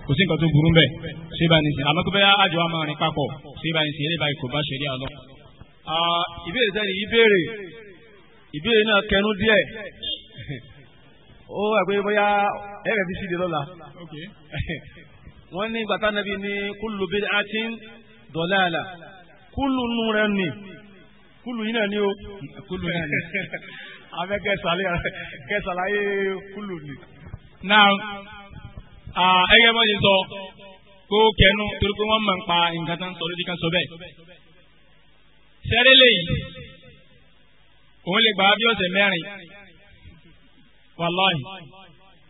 [SPEAKER 1] kò sí nǹkan tó burú bẹ́ẹ̀ ṣé bá ní sìn àmọ́ pé àjọ wa máa rìn
[SPEAKER 2] papọ̀ ṣé bá ní sìn eré báyìí kò bá ṣe rí àlọ́. ìbéèrè wọ́n ní gbàtà nàbí ní kúlù bid'atin dọ̀láàlà kúlù nù rẹ̀ nì kúlù yìí náà ni ó kúlù náà ni abẹ́ kẹsàlẹ̀ kẹsàlàyé kúlù nì.
[SPEAKER 1] náà ẹgẹ bá ti sọ kó kẹnu torí pé wọ́n máa ń pa nǹkan tán sọ lórí kan sọ bẹ́ẹ̀. sẹ́rẹ́lẹ̀ yìí òun lè gbà á bí ọ̀sẹ̀ mẹ́rin wàláhì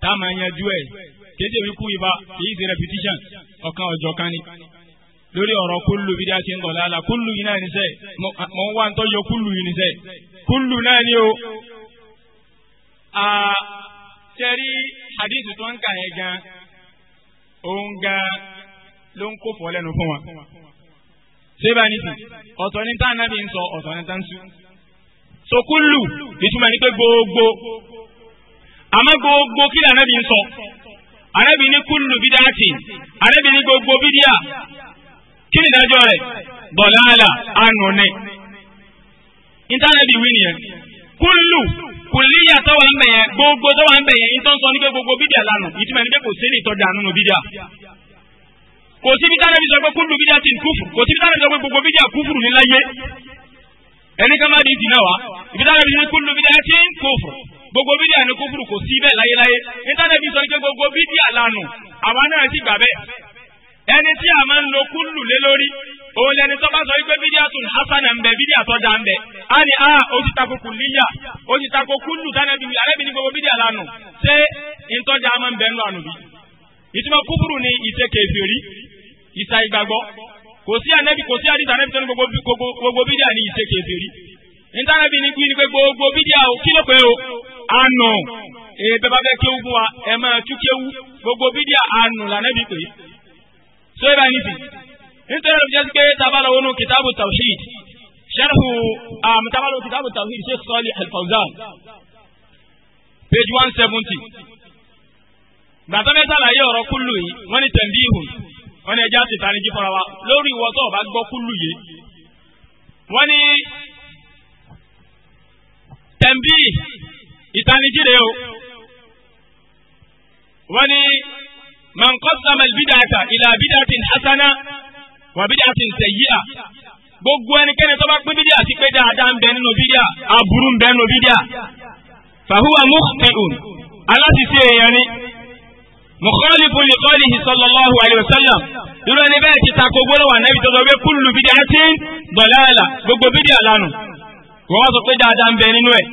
[SPEAKER 1] tá a máa yanjú ẹ̀ kéde wíkú ibà èyí ti repetition ọ̀kan ọ̀jọ̀ kan ni lórí ọ̀rọ̀ kúlù bí dáa ti ń gọ̀ lálá kúlù yìí náà níṣẹ́ mọ̀ ń wá ń tọ́jú kúlù yìí níṣẹ́ kúlù náà ni o. tẹ́rí hadith tó ń kà yẹn gan òun gan ló ń kó fọ́ lẹ́nu fún wa. sébà ní ti ọ̀tọ̀ ní tá ànábì ń sọ ọ̀tọ̀ ní tá ń sùn. so ìtumọ̀ ní pé gbogbo àmọ́ gbogbo kí lànàbí ń sọ ànábì ní kúlù bídáàtì ànábì ní gbogbo bídíà kí ni ìdájọ́ rẹ̀ bọ̀láàlà ànùní. ìtànàbí wí nìyẹn kúlù kùlíyà tó wà ń bẹ̀ yẹn gbogbo tó wà ń bẹ̀ yẹn ń tán sọ ní pé gbogbo bídíà lánà ìtumọ̀ ẹni pé kò sí ní ìtọ́jà nínú bídíà. kò sí bí tànàbí sọ pé kúlù bídíà ti kúfù kò sí bí tànàbí sọ pé gbogbo bídíà kúfù ní ẹni ká má di ìdìnnà wa ìbí tànàbí sọ pé kúlù bídíà ti kúfù gbogbo bídíà ni kúfùrù kò sí bẹ́ẹ̀ láyéláyé nítàdébí sọ pé gbogbo bídíà lànà àwa náà sì gbà bẹ́ẹ̀ ẹni tí a máa ń lo kúlù lé lórí òun lẹni tó bá sọ wípé bídíà tún hasan ń bẹ bídíà tọ́jà ń bẹ a ní a ah, ó ti tako kùlíyà ó ti tako kúlù tánẹ́bí wí alẹ́bí ní gbogbo bídíà lànà ṣé ìtọ́jà máa ń bẹ nù ànú bí ìtumọ̀ kúfùrù ni ìṣe kèfèrí ìṣà ìgbàgbọ́ kò sí ànẹ́bí kò sí àdìsá àánú èyí bẹ́ẹ̀ bá fẹ́ kéwú fún wa ẹ máa tú kéwú gbogbo bídíà àánú lànàbí pé so ẹ bá ní sí nítorí ọ̀rọ̀ jẹ́sí pé tábàlọ̀ wọnú kìtàbù tawhid sharhu tábàlọ̀ kìtàbù tawhid Sheikh Salih Al-Fawzan page one seventy gbàtà mẹ́ta láyé ọ̀rọ̀ kúlù yìí wọ́n ní tẹ̀m̀bí ìhùn wọ́n ní ẹja ti tani jí fúnra wa lórí ìwọ tó o bá gbọ́ kúlù yìí ìtanijí rẹ̀ o wọ́n ní man qassama al-bid'ata ila bid'atin hasana wa bid'atin sayyi'a gbogbo ẹnikẹ́ni tó bá pín bídíà sí pé dáadáa ń bẹ nínú bídíà aburú ń bẹ nínú bídíà fahuwa mukhti'un aláṣìṣe èèyàn ni mukhalifun li qawlihi sallallahu alayhi wa sallam irú ẹni bẹ́ẹ̀ ti ta gbogbo lọ́wọ́ ànábì tó sọ pé kullu ti ń dalalah gbogbo bídíà lánàá wọ́n sọ pé dáadáa ń bẹ nínú ẹ̀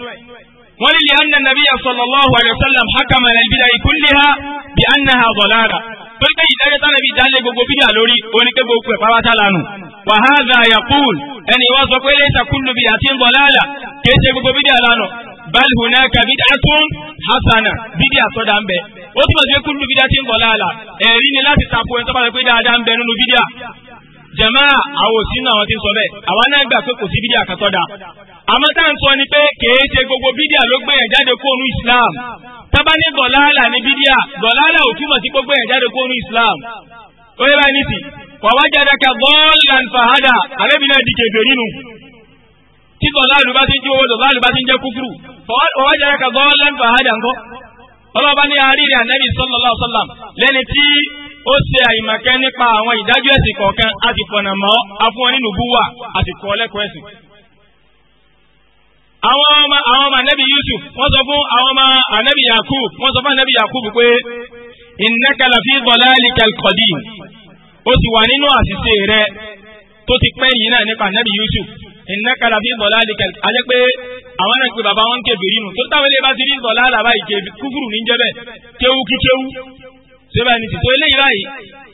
[SPEAKER 1] وللأن النبي صلى الله عليه وسلم حكم على البدع كلها بأنها ضلالة tolika ìdájọ́ tá nàbí ìdálé gbogbo bídà lórí oníkẹ́ gbogbo ẹ̀pá wáta lánàá wa hadha yaqul ẹni wọ́n sọ pé laysa kullu bid'atin dalalah kìí bal hunaka bid'atun hasana bídà sọ́dà ń bẹ ó túmọ̀ sí pé kullu bid'atin dalalah ẹ̀rí ni láti tapo ẹ̀ tọ́ba rẹ̀ pé dáadáa ń bẹ nínú bídà jẹ̀má àwọn òsínú àwọn tí ń sọ bẹ́ẹ̀ àwa náà gbà pé kò sí bídíà kan tọ́da àmọ́ tá à ń sọ ni pé kèé ṣe gbogbo bídíà ló gbé jáde kóònù Islam tábà ní gọ̀láàlà ní bídíà gọ̀láàlà ò túmọ̀ sí gbogbo yẹn jáde kóònù Islam ó yẹ báyìí nìsí wà wá jáde ká bọ́ọ̀lù fàhádà àbẹ́bí náà di kèbè nínú tí gọ̀láàlù bá ti ń jó owó gọ̀láàlù bá ti ń jẹ́ kúfúrú wà wá jáde ká bọ́ọ̀lù fàhádà ńkọ́ ọlọ́ba sallallahu alaihi wasallam ó ṣe àìmọ̀kẹ́ nípa àwọn ìdájọ́ ẹ̀sìn kọ̀ọ̀kan a ti fọ̀nà mọ́ afún wọn nínú búwà àti kọ́ lẹ́kọ̀ọ́ ẹ̀sìn. àwọn ọmọ àwọn ọmọ anabi Yusuf wọ́n sọ fún àwọn ọmọ anabi Yakub wọ́n sọ fún anabi Yakub pé innaka lafi dhalalika alqadim ó ti wà nínú àṣìṣe rẹ tó ti pẹ́ yìí náà nípa anabi Yusuf innaka lafi dhalalika ajẹ́ pé àwọn náà pé bàbá wọn kébìrì nù tó táwọn ilé bá ti rí dọ̀lá síbẹ̀ ní tìtò eléyìí báyìí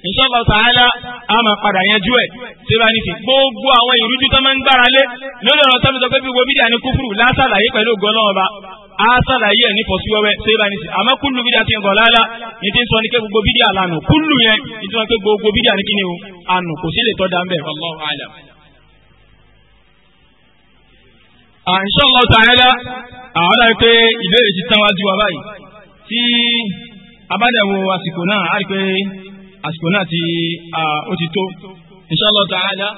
[SPEAKER 1] inshallah ta'ala a máa padà yanjú ẹ̀ síbẹ̀ ní ti gbogbo àwọn ìrújú tó máa ń gbára lé lórí ọ̀rọ̀ tó ń sọ pé bí gbogbo bídíà ní kúfùrù lásàlàyé pẹ̀lú gọlọ́ọ̀ ọba a ẹ̀ ní fọ̀síwẹ́wẹ́ síbẹ̀ ní ti àmọ́ kúlù bídíà ti ń gọ̀ lálá ní ti ń sọ ní pé gbogbo bídíà lànà kúlù yẹn ní ti sí inshallah ta'ala àwọn àti pé ìbéèrè ti tán wájú abádẹ̀wò àsìkò náà a rí pé àsìkò náà ti ó ti tó inshallah ta'ala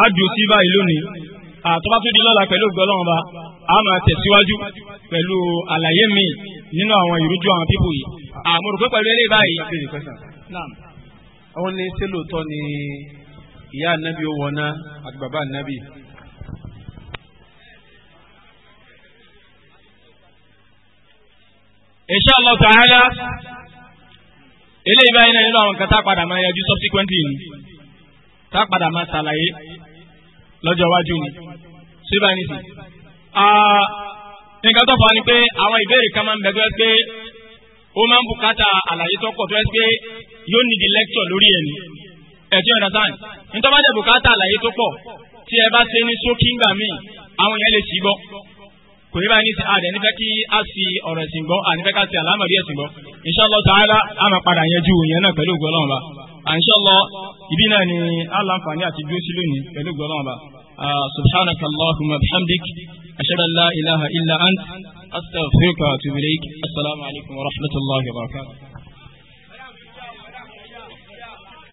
[SPEAKER 1] àádùn sí báyìí lónìí àtọ́bá tó di lọ́la pẹ̀lú gbọ́lọ́wọ́n ba
[SPEAKER 2] a máa tẹ̀síwájú
[SPEAKER 1] pẹ̀lú àlàyé mi nínú àwọn ìrújú àwọn pípò yìí àmọ́ rò pé pẹ̀lú eré báyìí.
[SPEAKER 2] àwọn ní sẹ́lòtọ́ ni ìyá ànábì ó wọná àti bàbá ànábì
[SPEAKER 1] insha Allah ta'ala eléyìí báyìí náà nínú àwọn nǹkan tá a padà máa yanjú subsequently ni tá a padà máa ṣàlàyé lọ́jọ́ iwájú ni síbà ní sí. nǹkan tó fà á ni pé àwọn ìbéèrè kan máa ń bẹ tó ẹ pé ó máa ń bùkátà àlàyé tó pọ̀ tó ẹ pé yóò ní di lecture lórí ẹ̀ ni ẹ̀jẹ̀ understand nítorí bá jẹ́ bùkátà àlàyé tó pọ̀ tí ẹ bá ṣe ní ṣókí ńgbà míì àwọn yẹn lè ṣì gbọ́ kò ní báyìí ní ti àdẹ nífẹ̀ẹ́ kí a sì ọ̀rọ̀ ẹ̀sìn gbọ́ ànífẹ́ ká sì àlámọ̀rí ẹ̀sìn gbọ́ Insha Allah Ta'ala a máa padà yanjú ìyẹn náà pẹ̀lú ògbọ́n ọlọ́run ba Insha Allah ibi náà ni aláǹfààní àti dúró sí lónìí pẹ̀lú ògbọ́n ọlọ́run ba subhanaka Allahumma bihamdik ashhadu an ilaha illa ant astaghfiruka wa atubu alaykum wa rahmatullahi wa
[SPEAKER 2] barakatuh.